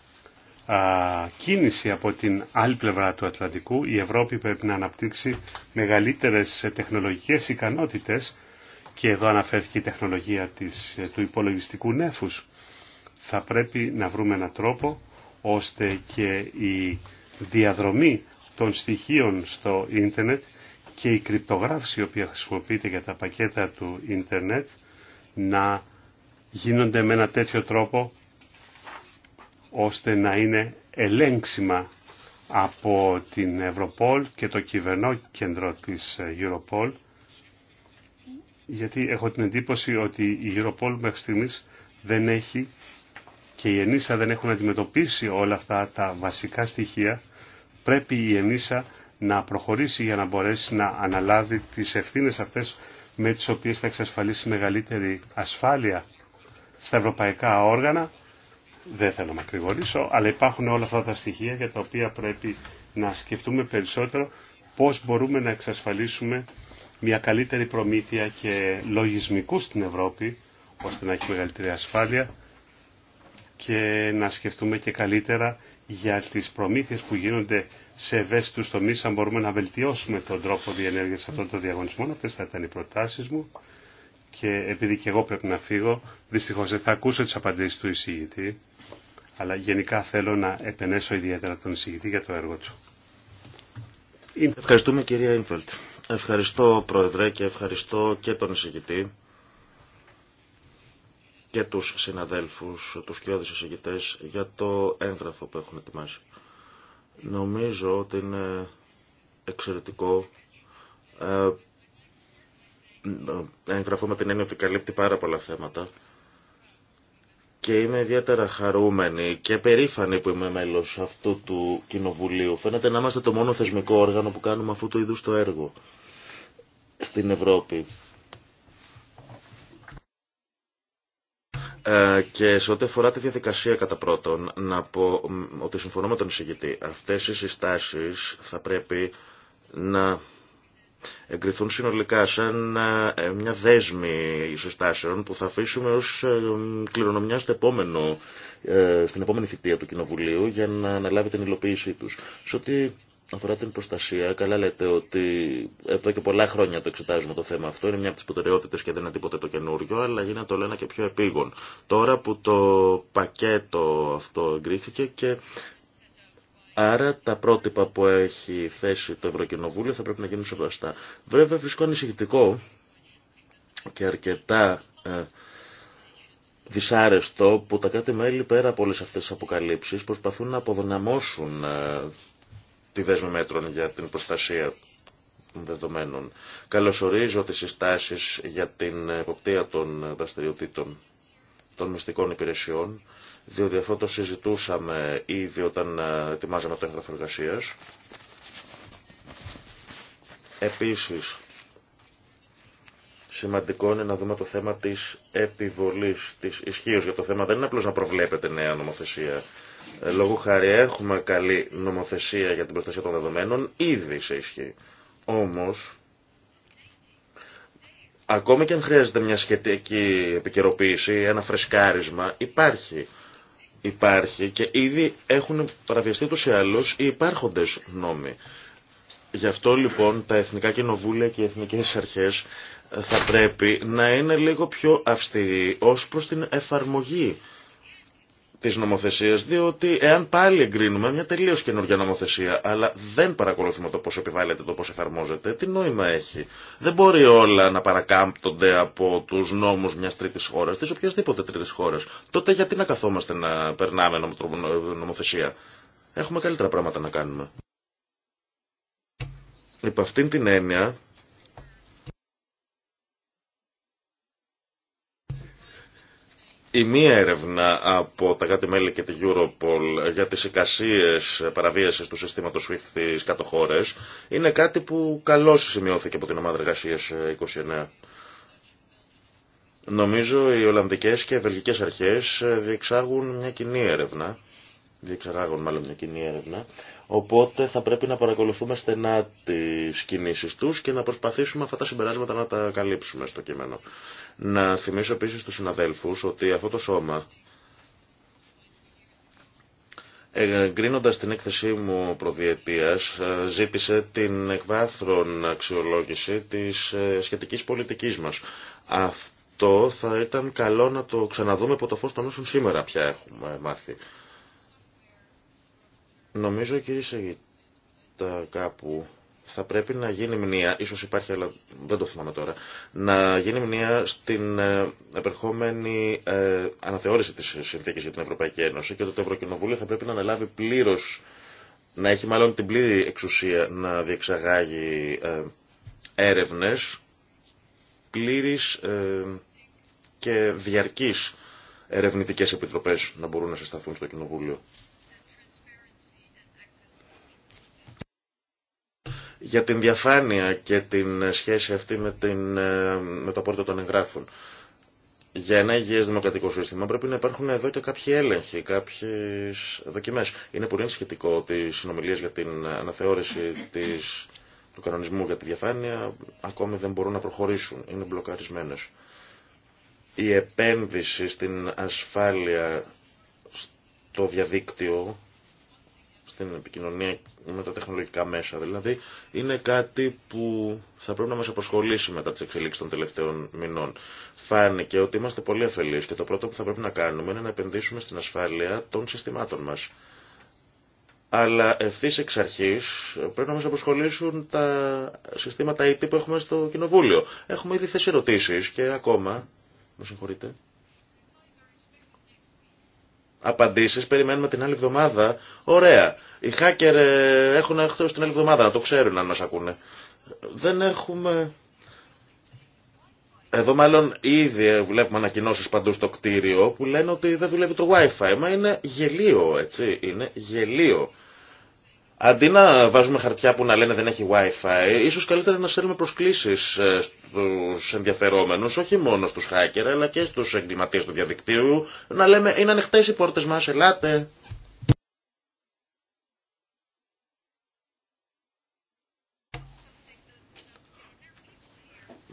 [clears throat] κίνηση από την άλλη πλευρά του Ατλαντικού. Η Ευρώπη πρέπει να αναπτύξει μεγαλύτερες τεχνολογικές ικανότητες και εδώ αναφέρθηκε η τεχνολογία της, του υπολογιστικού νέφους. Θα πρέπει να βρούμε έναν τρόπο ώστε και η διαδρομή των στοιχείων στο ίντερνετ και η κρυπτογράφηση η οποία χρησιμοποιείται για τα πακέτα του ίντερνετ να γίνονται με ένα τέτοιο τρόπο ώστε να είναι ελέγξιμα από την Ευρωπόλ και το κυβερνό κέντρο της Europol γιατί έχω την εντύπωση ότι η Europol μέχρι στιγμής δεν έχει και οι ΕΝΙΣΑ δεν έχουν αντιμετωπίσει όλα αυτά τα βασικά στοιχεία πρέπει η ενίσα να προχωρήσει για να μπορέσει να αναλάβει τις ευθύνες αυτές με τις οποίες θα εξασφαλίσει μεγαλύτερη ασφάλεια στα ευρωπαϊκά όργανα. Δεν θέλω να μακρηγορήσω, αλλά υπάρχουν όλα αυτά τα στοιχεία για τα οποία πρέπει να σκεφτούμε περισσότερο πώς μπορούμε να εξασφαλίσουμε μια καλύτερη προμήθεια και λογισμικού στην Ευρώπη, ώστε να έχει μεγαλύτερη ασφάλεια και να σκεφτούμε και καλύτερα για τις προμήθειες που γίνονται σε ευαίσθητους τομείς, αν μπορούμε να βελτιώσουμε τον τρόπο διενέργειας αυτών των διαγωνισμών. Αυτές θα ήταν οι προτάσεις μου και επειδή και εγώ πρέπει να φύγω, δυστυχώς δεν θα ακούσω τις απαντήσεις του εισηγητή, αλλά γενικά θέλω να επενέσω ιδιαίτερα τον εισηγητή για το έργο του. Ευχαριστούμε κυρία Ίνφελτ. Ευχαριστώ πρόεδρε και ευχαριστώ και τον εισηγητή και τους συναδέλφους, τους κοιόδης εισηγητές για το έγγραφο που έχουν ετοιμάσει. Νομίζω ότι είναι εξαιρετικό ε, ε, έγγραφο με την έννοια ότι καλύπτει πάρα πολλά θέματα και είμαι ιδιαίτερα χαρούμενη και περήφανη που είμαι μέλος αυτού του κοινοβουλίου. Φαίνεται να είμαστε το μόνο θεσμικό όργανο που κάνουμε αυτού του είδους το έργο στην Ευρώπη. Ε, και σε ό,τι αφορά τη διαδικασία κατά πρώτον, να πω ότι συμφωνώ με τον εισηγητή. Αυτές οι συστάσεις θα πρέπει να εγκριθούν συνολικά σαν ε, μια δέσμη συστάσεων που θα αφήσουμε ως ε, κληρονομιά στο επόμενο, στην επόμενη θητεία του Κοινοβουλίου για να αναλάβει την υλοποίησή τους. Σε αφορά την προστασία, καλά λέτε ότι εδώ και πολλά χρόνια το εξετάζουμε το θέμα αυτό. Είναι μια από τι προτεραιότητε και δεν είναι τίποτε το καινούριο, αλλά γίνεται όλο ένα και πιο επίγον. Τώρα που το πακέτο αυτό εγκρίθηκε και άρα τα πρότυπα που έχει θέσει το Ευρωκοινοβούλιο θα πρέπει να γίνουν σεβαστά. Βέβαια βρίσκω ανησυχητικό και αρκετά ε, δυσάρεστο που τα κράτη-μέλη πέρα από όλε αυτέ τι αποκαλύψει προσπαθούν να αποδυναμώσουν ε, τη δέσμη μέτρων για την προστασία των δεδομένων. Καλωσορίζω τις συστάσεις για την εποπτεία των δραστηριοτήτων των μυστικών υπηρεσιών, διότι αυτό το συζητούσαμε ήδη όταν ε, ετοιμάζαμε το έγγραφο εργασία. Επίσης, σημαντικό είναι να δούμε το θέμα της επιβολής, της ισχύω για το θέμα. Δεν είναι απλώς να προβλέπετε νέα νομοθεσία ε, Λόγω χάρη έχουμε καλή νομοθεσία για την προστασία των δεδομένων, ήδη σε ισχύ. Όμως, ακόμη και αν χρειάζεται μια σχετική επικαιροποίηση, ένα φρεσκάρισμα, υπάρχει. Υπάρχει και ήδη έχουν παραβιαστεί τους ή άλλους οι υπάρχοντες νόμοι. Γι' αυτό λοιπόν τα εθνικά κοινοβούλια και οι εθνικές αρχές θα πρέπει να είναι λίγο πιο αυστηροί ως προς την εφαρμογή της νομοθεσίας, διότι εάν πάλι εγκρίνουμε μια τελείως καινούργια νομοθεσία, αλλά δεν παρακολουθούμε το πώς επιβάλλεται, το πώς εφαρμόζεται, τι νόημα έχει. Δεν μπορεί όλα να παρακάμπτονται από τους νόμους μιας τρίτης χώρας, της οποιασδήποτε τρίτης χώρας. Τότε γιατί να καθόμαστε να περνάμε νομοθεσία. Έχουμε καλύτερα πράγματα να κάνουμε. υπ' αυτήν την έννοια, η μία έρευνα από τα κάτι μέλη και τη Europol για τις εικασίες παραβίασης του συστήματος SWIFT στις κάτω χώρες είναι κάτι που καλώς σημειώθηκε από την ομάδα εργασίας 29. Ε, Νομίζω οι Ολλανδικές και Βελγικές αρχές ε, διεξάγουν μια κοινή έρευνα διεξαγάγουν μάλλον μια κοινή έρευνα, οπότε θα πρέπει να παρακολουθούμε στενά τις κινήσεις τους και να προσπαθήσουμε αυτά τα συμπεράσματα να τα καλύψουμε στο κείμενο. Να θυμίσω επίσης τους συναδέλφους ότι αυτό το σώμα, εγκρίνοντα την έκθεσή μου προδιετία, ε, ζήτησε την εκβάθρον αξιολόγηση της ε, σχετική πολιτική μα. Αυτό θα ήταν καλό να το ξαναδούμε από το φω των όσων σήμερα πια έχουμε μάθει. Νομίζω κύριε Σαγητά κάπου θα πρέπει να γίνει μνήα, ίσως υπάρχει αλλά δεν το θυμάμαι τώρα, να γίνει μνήα στην ε, επερχόμενη ε, αναθεώρηση της συνθήκης για την Ευρωπαϊκή Ένωση και ότι το Ευρωκοινοβούλιο θα πρέπει να αναλάβει πλήρως, να έχει μάλλον την πλήρη εξουσία να διεξαγάγει ε, έρευνες πλήρης και διαρκής ερευνητικές επιτροπές να μπορούν να συσταθούν στο Κοινοβούλιο. για την διαφάνεια και την σχέση αυτή με, την, ε, με το απόρριτο των εγγράφων. Για ένα υγιέ δημοκρατικό σύστημα πρέπει να υπάρχουν εδώ και κάποιοι έλεγχοι, κάποιε δοκιμέ. Είναι πολύ σχετικό ότι οι συνομιλίε για την αναθεώρηση της, του κανονισμού για τη διαφάνεια ακόμη δεν μπορούν να προχωρήσουν. Είναι μπλοκαρισμένε. Η επένδυση στην ασφάλεια στο διαδίκτυο στην επικοινωνία με τα τεχνολογικά μέσα. Δηλαδή είναι κάτι που θα πρέπει να μας αποσχολήσει μετά τις εξελίξει των τελευταίων μηνών. Φάνηκε ότι είμαστε πολύ αφελείς και το πρώτο που θα πρέπει να κάνουμε είναι να επενδύσουμε στην ασφάλεια των συστημάτων μας. Αλλά ευθύ εξ αρχή πρέπει να μα αποσχολήσουν τα συστήματα IT που έχουμε στο Κοινοβούλιο. Έχουμε ήδη θέσει ερωτήσει και ακόμα. Με συγχωρείτε. Απαντήσεις περιμένουμε την άλλη εβδομάδα. Ωραία. Οι hacker ε, έχουν εχθρό την άλλη εβδομάδα, να το ξέρουν αν μας ακούνε. Δεν έχουμε... Εδώ μάλλον ήδη βλέπουμε ανακοινώσεις παντού στο κτίριο που λένε ότι δεν δουλεύει το wifi. Μα είναι γελίο, έτσι. Είναι γελίο. Αντί να βάζουμε χαρτιά που να λένε δεν έχει wi Wi-Fi, ίσως καλύτερα να στέλνουμε προσκλήσεις ε, στους ενδιαφερόμενους, όχι μόνο στους hacker, αλλά και στους εγκληματίες του διαδικτύου, να λέμε είναι ανοιχτές οι πόρτες μας, ελάτε.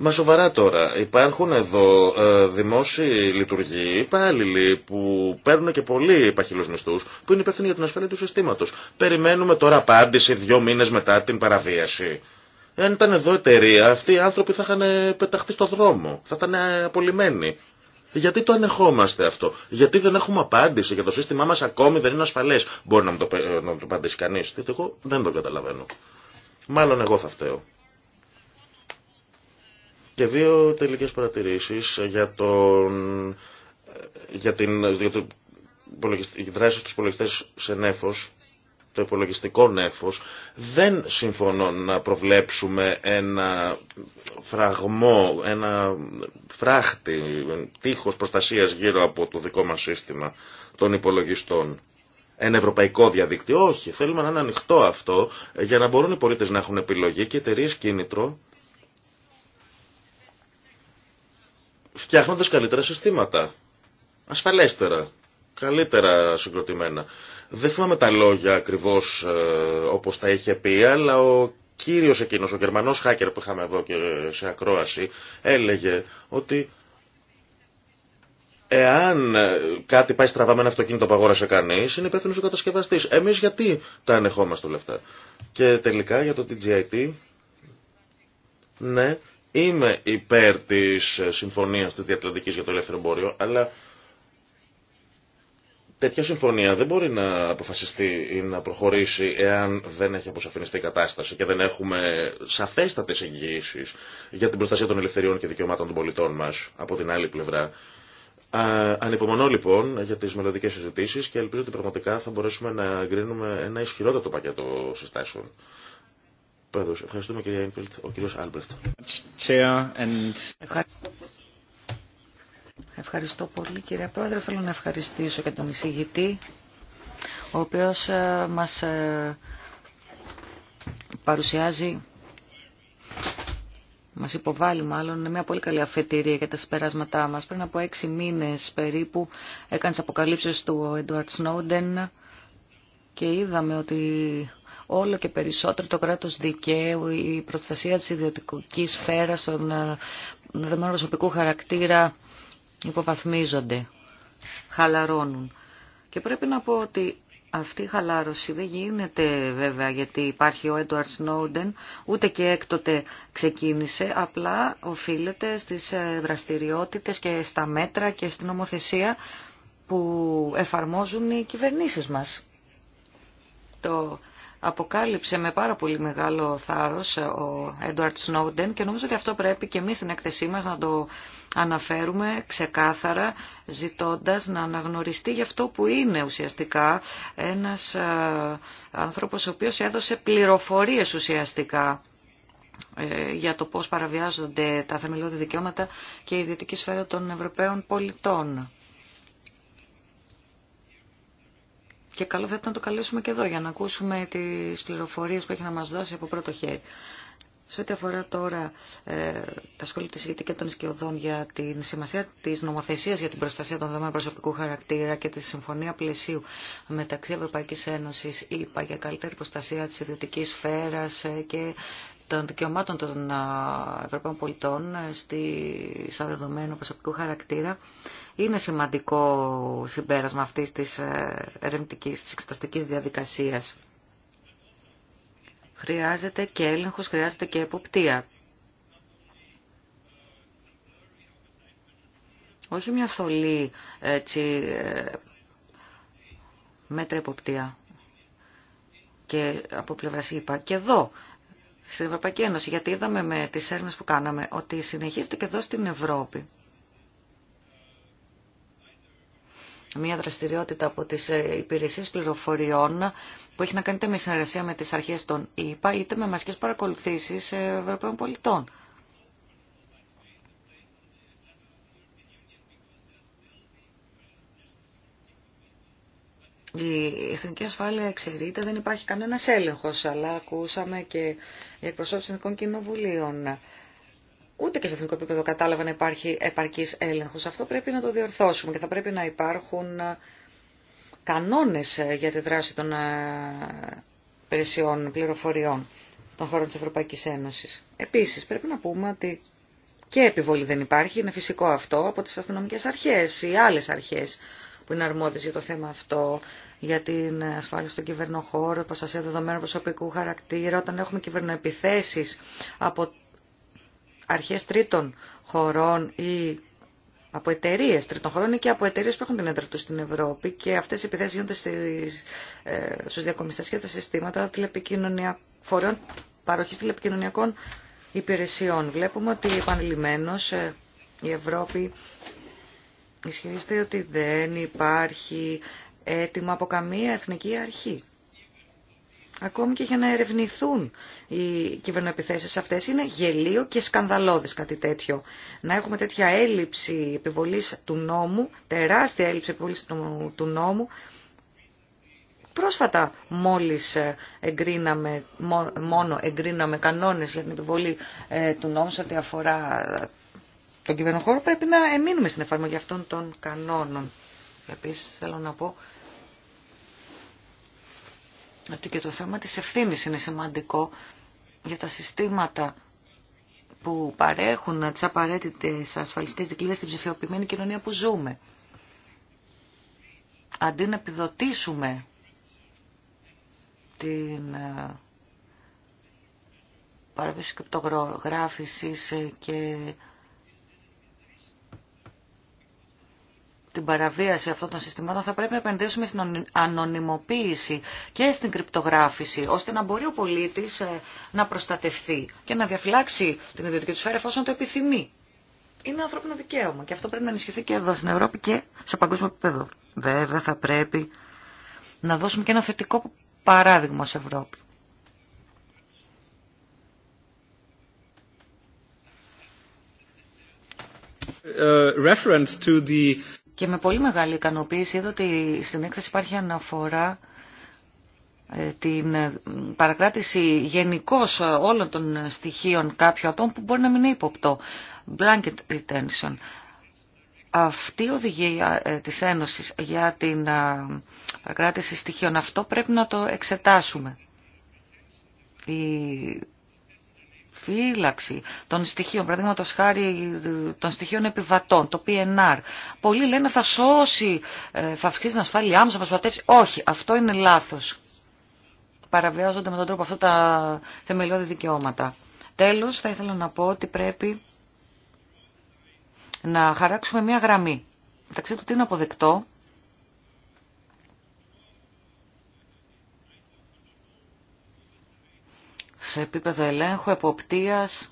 Μα σοβαρά τώρα, υπάρχουν εδώ ε, δημόσιοι λειτουργοί, υπάλληλοι που παίρνουν και πολλοί παχυλού μισθού, που είναι υπεύθυνοι για την ασφάλεια του συστήματο. Περιμένουμε τώρα απάντηση δύο μήνε μετά την παραβίαση. Εάν ήταν εδώ εταιρεία, αυτοί οι άνθρωποι θα είχαν πεταχτεί στο δρόμο, θα ήταν απολυμμένοι. Γιατί το ανεχόμαστε αυτό, γιατί δεν έχουμε απάντηση για το σύστημά μα ακόμη δεν είναι ασφαλέ. Μπορεί να μου το, απαντήσει κανεί, γιατί εγώ δεν το καταλαβαίνω. Μάλλον εγώ θα φταίω. Και δύο τελικές παρατηρήσεις για, τον, για, την, για το δράση στους υπολογιστές σε νέφος, το υπολογιστικό νέφος, δεν συμφωνώ να προβλέψουμε ένα φραγμό, ένα φράχτη, τείχος προστασίας γύρω από το δικό μας σύστημα των υπολογιστών. Ένα ευρωπαϊκό διαδίκτυο, όχι, θέλουμε να είναι ανοιχτό αυτό για να μπορούν οι πολίτες να έχουν επιλογή και εταιρείε κίνητρο φτιάχνοντας καλύτερα συστήματα. Ασφαλέστερα. Καλύτερα συγκροτημένα. Δεν θυμάμαι τα λόγια ακριβώς ε, όπως τα είχε πει, αλλά ο κύριος εκείνος, ο γερμανός hacker που είχαμε εδώ και σε ακρόαση, έλεγε ότι εάν ε, κάτι πάει στραβά με ένα αυτοκίνητο που αγόρασε κανεί, είναι υπεύθυνο ο κατασκευαστή. Εμεί γιατί τα ανεχόμαστε όλα αυτά. Και τελικά για το TGIT, ναι, Είμαι υπέρ της συμφωνία της Διατλαντικής για το ελεύθερο εμπόριο, αλλά τέτοια συμφωνία δεν μπορεί να αποφασιστεί ή να προχωρήσει εάν δεν έχει αποσαφινιστεί η κατάσταση και δεν έχουμε σαφέστατες εγγύησεις για την προστασία των ελευθεριών και δικαιωμάτων των πολιτών μας από την άλλη πλευρά. Α, ανυπομονώ λοιπόν για τις μελλοντικέ συζητήσεις και ελπίζω ότι πραγματικά θα μπορέσουμε να εγκρίνουμε ένα ισχυρότατο πακέτο συστάσεων. Πρόεδρος, ευχαριστούμε κυρία ο κύριος Άλμπρεχτ. Ευχαριστώ πολύ κύριε Πρόεδρε. Θέλω να ευχαριστήσω και τον εισηγητή, ο οποίος ε, μας ε, παρουσιάζει Μα υποβάλλει μάλλον μια πολύ καλή αφετηρία για τα συμπεράσματά μα. Πριν από έξι μήνε περίπου έκανε τι αποκαλύψει του Edward Snowden και είδαμε ότι όλο και περισσότερο το κράτος δικαίου, η προστασία της ιδιωτικής σφαίρας, των ε, δεδομένων προσωπικού χαρακτήρα υποβαθμίζονται, χαλαρώνουν. Και πρέπει να πω ότι αυτή η χαλάρωση δεν γίνεται βέβαια γιατί υπάρχει ο Έντουαρτ Σνόντεν, ούτε και έκτοτε ξεκίνησε, απλά οφείλεται στις ε, δραστηριότητες και στα μέτρα και στην ομοθεσία που εφαρμόζουν οι κυβερνήσεις μας. Το αποκάλυψε με πάρα πολύ μεγάλο θάρρος ε, ο Έντουαρτ Σνόντεν και νομίζω ότι αυτό πρέπει και εμείς στην έκθεσή μας να το αναφέρουμε ξεκάθαρα ζητώντας να αναγνωριστεί γι' αυτό που είναι ουσιαστικά ένας ε, άνθρωπος ο οποίος έδωσε πληροφορίες ουσιαστικά ε, για το πώς παραβιάζονται τα θεμελιώδη δικαιώματα και η ιδιωτική σφαίρα των Ευρωπαίων πολιτών. Και καλό θα ήταν να το καλέσουμε και εδώ για να ακούσουμε τις πληροφορίες που έχει να μας δώσει από πρώτο χέρι. Σε ό,τι αφορά τώρα ε, τα σχόλια της ηγετική των Ισκιωδών για την σημασία της νομοθεσίας για την προστασία των δεδομένων προσωπικού χαρακτήρα και τη συμφωνία πλαισίου μεταξύ Ευρωπαϊκής Ένωσης ΗΠΑ για καλύτερη προστασία τη ιδιωτική σφαίρα ε, και των δικαιωμάτων των ε, Ευρωπαίων πολιτών στη, στα δεδομένα προσωπικού χαρακτήρα. Είναι σημαντικό συμπέρασμα αυτής της ε, ερευνητικής, της εξεταστικής διαδικασίας. Χρειάζεται και έλεγχος, χρειάζεται και εποπτεία. Όχι μια θολή έτσι, ε, μέτρα εποπτεία και από πλευράς είπα και εδώ στην Ευρωπαϊκή Ένωση, γιατί είδαμε με τις έρευνες που κάναμε ότι συνεχίζεται και εδώ στην Ευρώπη μια δραστηριότητα από τις ε, υπηρεσίες πληροφοριών που έχει να κάνει με συνεργασία με τις αρχές των ΙΠΑ είτε με μαζικές παρακολουθήσεις ε, Ευρωπαίων πολιτών. Η εθνική ασφάλεια εξαιρείται, δεν υπάρχει κανένα έλεγχος, αλλά ακούσαμε και οι εκπροσώπου εθνικών κοινοβουλίων. Ούτε και σε εθνικό επίπεδο κατάλαβα να υπάρχει επαρκή έλεγχο. Αυτό πρέπει να το διορθώσουμε και θα πρέπει να υπάρχουν ε, κανόνε ε, για τη δράση των ε, υπηρεσιών πληροφοριών των χώρων τη Ευρωπαϊκή Ένωση. Επίση, πρέπει να πούμε ότι και επιβολή δεν υπάρχει, είναι φυσικό αυτό, από τι αστυνομικέ αρχέ ή άλλε αρχέ που είναι αρμόδιε για το θέμα αυτό, για την ασφάλεια στον κυβερνοχώρο, προστασία δεδομένων προσωπικού χαρακτήρα, όταν έχουμε κυβερνοεπιθέσει από αρχές τρίτων χωρών ή από εταιρείε τρίτων χωρών ή και από εταιρείε που έχουν την έδρα του στην Ευρώπη και αυτέ οι επιθέσει γίνονται ε, στου διακομιστέ και τα συστήματα φορέων παροχή τηλεπικοινωνιακών υπηρεσιών. Βλέπουμε ότι επανειλημμένω ε, η Ευρώπη ισχυρίζεται ότι δεν υπάρχει έτοιμο από καμία εθνική αρχή ακόμη και για να ερευνηθούν οι κυβερνοεπιθέσεις αυτές. Είναι γελίο και σκανδαλώδες κάτι τέτοιο. Να έχουμε τέτοια έλλειψη επιβολής του νόμου, τεράστια έλλειψη επιβολής του νόμου. Πρόσφατα μόλις εγκρίναμε, μόνο εγκρίναμε κανόνες για την επιβολή ε, του νόμου σε ό,τι αφορά τον κυβερνοχώρο, πρέπει να εμείνουμε στην εφαρμογή αυτών των κανόνων. Επίσης θέλω να πω ότι και το θέμα της ευθύνης είναι σημαντικό για τα συστήματα που παρέχουν τις απαραίτητες ασφαλιστικές δικλείδες στην ψηφιοποιημένη κοινωνία που ζούμε. Αντί να επιδοτήσουμε την ε, παραβίαση κρυπτογράφησης και την παραβίαση αυτών των συστημάτων θα πρέπει να επενδύσουμε στην ανωνυμοποίηση και στην κρυπτογράφηση, ώστε να μπορεί ο πολίτης ε, να προστατευθεί και να διαφυλάξει την ιδιωτική του σφαίρα εφόσον το επιθυμεί. Είναι ανθρώπινο δικαίωμα και αυτό πρέπει να ενισχυθεί και εδώ στην Ευρώπη και σε παγκόσμιο επίπεδο. Βέβαια θα πρέπει να δώσουμε και ένα θετικό παράδειγμα σε Ευρώπη. Ε, ε, reference to the... Και με πολύ μεγάλη ικανοποίηση είδα ότι στην έκθεση υπάρχει αναφορά ε, την ε, παρακράτηση γενικώ όλων των στοιχείων κάποιου ατόμου που μπορεί να μην είναι υποπτό. Blanket retention. Αυτή η οδηγία ε, της Ένωσης για την παρακράτηση στοιχείων αυτό πρέπει να το εξετάσουμε. Η Φύλαξη των στοιχείων, παραδείγματο χάρη των στοιχείων επιβατών, το PNR. Πολλοί λένε θα σώσει, ε, θα αυξήσει την ασφάλειά μα, θα προστατεύσει. Όχι, αυτό είναι λάθο. Παραβιάζονται με τον τρόπο αυτά τα θεμελιώδη δικαιώματα. Τέλος, θα ήθελα να πω ότι πρέπει να χαράξουμε μια γραμμή μεταξύ του τι είναι αποδεκτό σε επίπεδο ελέγχου, εποπτείας,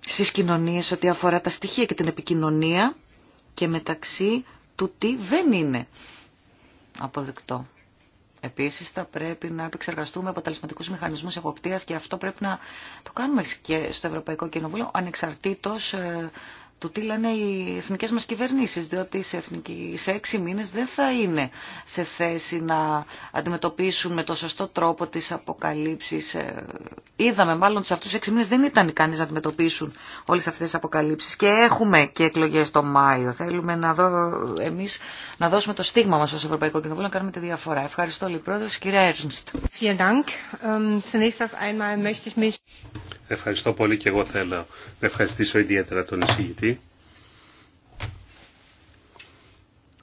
στις κοινωνίες ό,τι αφορά τα στοιχεία και την επικοινωνία και μεταξύ του τι δεν είναι αποδεκτό. Επίσης θα πρέπει να επεξεργαστούμε αποτελεσματικού μηχανισμούς εποπτείας και αυτό πρέπει να το κάνουμε και στο Ευρωπαϊκό Κοινοβούλιο ανεξαρτήτως ε, του τι λένε οι εθνικές μας κυβερνήσεις, διότι σε, εθνική, σε έξι μήνες δεν θα είναι σε θέση να αντιμετωπίσουν με το σωστό τρόπο τις αποκαλύψεις. Ε, είδαμε μάλλον σε αυτούς τους έξι μήνες δεν ήταν ικανεί να αντιμετωπίσουν όλες αυτές τις αποκαλύψεις και έχουμε και εκλογές το Μάιο. Θέλουμε να δω, εμείς να δώσουμε το στίγμα μας ως Ευρωπαϊκό Κοινοβούλιο να κάνουμε τη διαφορά. Ευχαριστώ λοιπόν πρόεδρος, κύριε Έρνστ. Ähm, Ευχαριστώ πολύ και εγώ θέλω να ευχαριστήσω ιδιαίτερα τον εισηγητή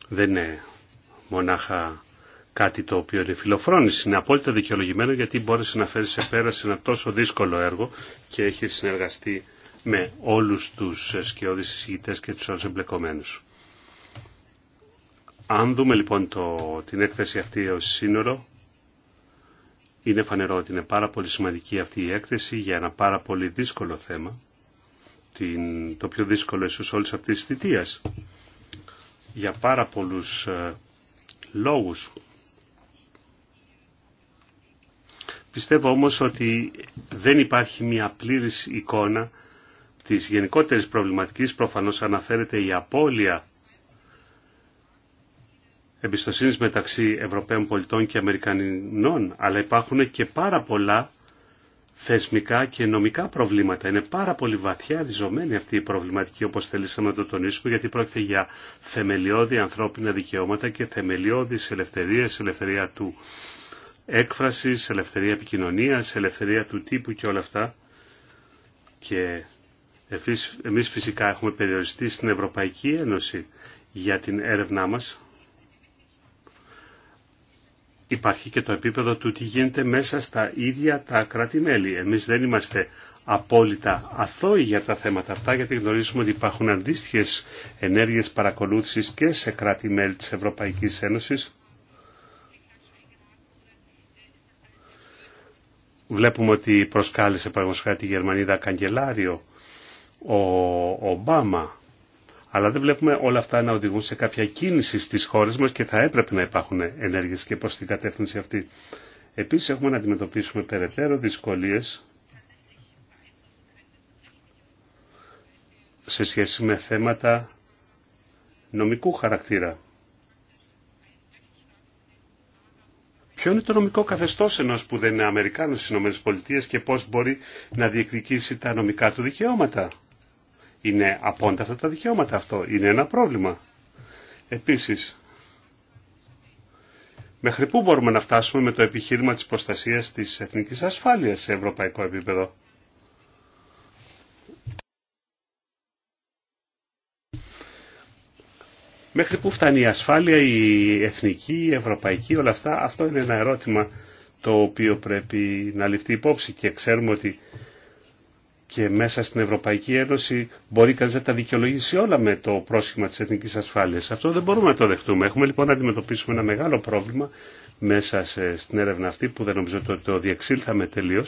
δεν είναι μονάχα κάτι το οποίο είναι φιλοφρόνηση. Είναι απόλυτα δικαιολογημένο γιατί μπόρεσε να φέρει σε πέρα σε ένα τόσο δύσκολο έργο και έχει συνεργαστεί με όλους τους σκιώδεις εισηγητές και τους άλλους εμπλεκομένους. Αν δούμε λοιπόν το, την έκθεση αυτή ως σύνορο, είναι φανερό ότι είναι πάρα πολύ σημαντική αυτή η έκθεση για ένα πάρα πολύ δύσκολο θέμα, το πιο δύσκολο ίσω όλης αυτής της θητείας για πάρα πολλούς ε, λόγους. Πιστεύω όμως ότι δεν υπάρχει μια πλήρης εικόνα της γενικότερης προβληματικής. Προφανώς αναφέρεται η απώλεια εμπιστοσύνης μεταξύ Ευρωπαίων πολιτών και Αμερικανινών αλλά υπάρχουν και πάρα πολλά θεσμικά και νομικά προβλήματα. Είναι πάρα πολύ βαθιά ριζωμένη αυτή η προβληματική όπως θέλησαμε να το τονίσουμε γιατί πρόκειται για θεμελιώδη ανθρώπινα δικαιώματα και θεμελιώδης ελευθερία, ελευθερία του έκφρασης, ελευθερία επικοινωνίας, ελευθερία του τύπου και όλα αυτά. Και εμείς φυσικά έχουμε περιοριστεί στην Ευρωπαϊκή Ένωση για την έρευνά μας υπάρχει και το επίπεδο του τι γίνεται μέσα στα ίδια τα κράτη-μέλη. Εμείς δεν είμαστε απόλυτα αθώοι για τα θέματα αυτά, γιατί γνωρίζουμε ότι υπάρχουν αντίστοιχε ενέργειες παρακολούθησης και σε κράτη-μέλη της Ευρωπαϊκής Ένωσης. Βλέπουμε ότι προσκάλεσε παραγωγικά τη Γερμανίδα Καγκελάριο ο Ομπάμα αλλά δεν βλέπουμε όλα αυτά να οδηγούν σε κάποια κίνηση στις χώρες μας και θα έπρεπε να υπάρχουν ενέργειες και προς την κατεύθυνση αυτή. Επίσης έχουμε να αντιμετωπίσουμε περαιτέρω δυσκολίες σε σχέση με θέματα νομικού χαρακτήρα. Ποιο είναι το νομικό καθεστώς ενός που δεν είναι Αμερικάνος στις ΗΠΑ και πώς μπορεί να διεκδικήσει τα νομικά του δικαιώματα είναι απόντα αυτά τα δικαιώματα. Αυτό είναι ένα πρόβλημα. Επίσης, μέχρι πού μπορούμε να φτάσουμε με το επιχείρημα της προστασίας της εθνικής ασφάλειας σε ευρωπαϊκό επίπεδο. Μέχρι πού φτάνει η ασφάλεια, η εθνική, η ευρωπαϊκή, όλα αυτά, αυτό είναι ένα ερώτημα το οποίο πρέπει να ληφθεί υπόψη και ξέρουμε ότι και μέσα στην Ευρωπαϊκή Ένωση μπορεί κανείς να τα δικαιολογήσει όλα με το πρόσχημα της εθνικής ασφάλειας. Αυτό δεν μπορούμε να το δεχτούμε. Έχουμε λοιπόν να αντιμετωπίσουμε ένα μεγάλο πρόβλημα μέσα στην έρευνα αυτή που δεν νομίζω ότι το, το διεξήλθαμε τελείω.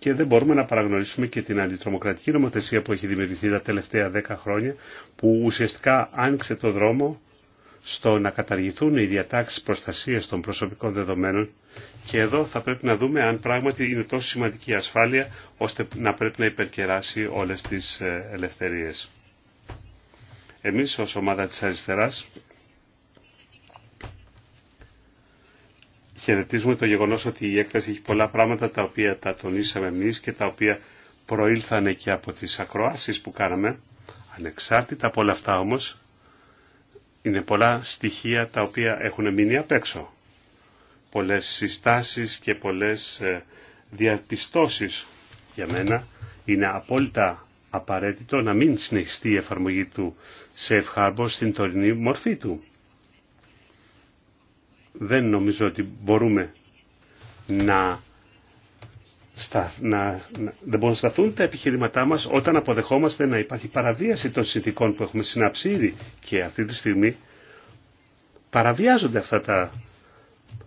Και δεν μπορούμε να παραγνωρίσουμε και την αντιτρομοκρατική νομοθεσία που έχει δημιουργηθεί τα τελευταία δέκα χρόνια, που ουσιαστικά άνοιξε το δρόμο στο να καταργηθούν οι διατάξεις προστασίας των προσωπικών δεδομένων και εδώ θα πρέπει να δούμε αν πράγματι είναι τόσο σημαντική η ασφάλεια ώστε να πρέπει να υπερκεράσει όλες τις ε, ελευθερίες. Εμείς ως ομάδα της αριστεράς χαιρετίζουμε το γεγονός ότι η έκταση έχει πολλά πράγματα τα οποία τα τονίσαμε εμείς και τα οποία προήλθανε και από τις ακροάσεις που κάναμε. Ανεξάρτητα από όλα αυτά όμως, είναι πολλά στοιχεία τα οποία έχουν μείνει απ' έξω. Πολλές συστάσεις και πολλές ε, διαπιστώσεις για μένα είναι απόλυτα απαραίτητο να μην συνεχιστεί η εφαρμογή του Safe Harbor στην τωρινή μορφή του. Δεν νομίζω ότι μπορούμε να στα, να, να, δεν μπορούν να σταθούν τα επιχειρηματά μας όταν αποδεχόμαστε να υπάρχει παραβίαση των συνθήκων που έχουμε συνάψει ήδη. Και αυτή τη στιγμή παραβιάζονται αυτά τα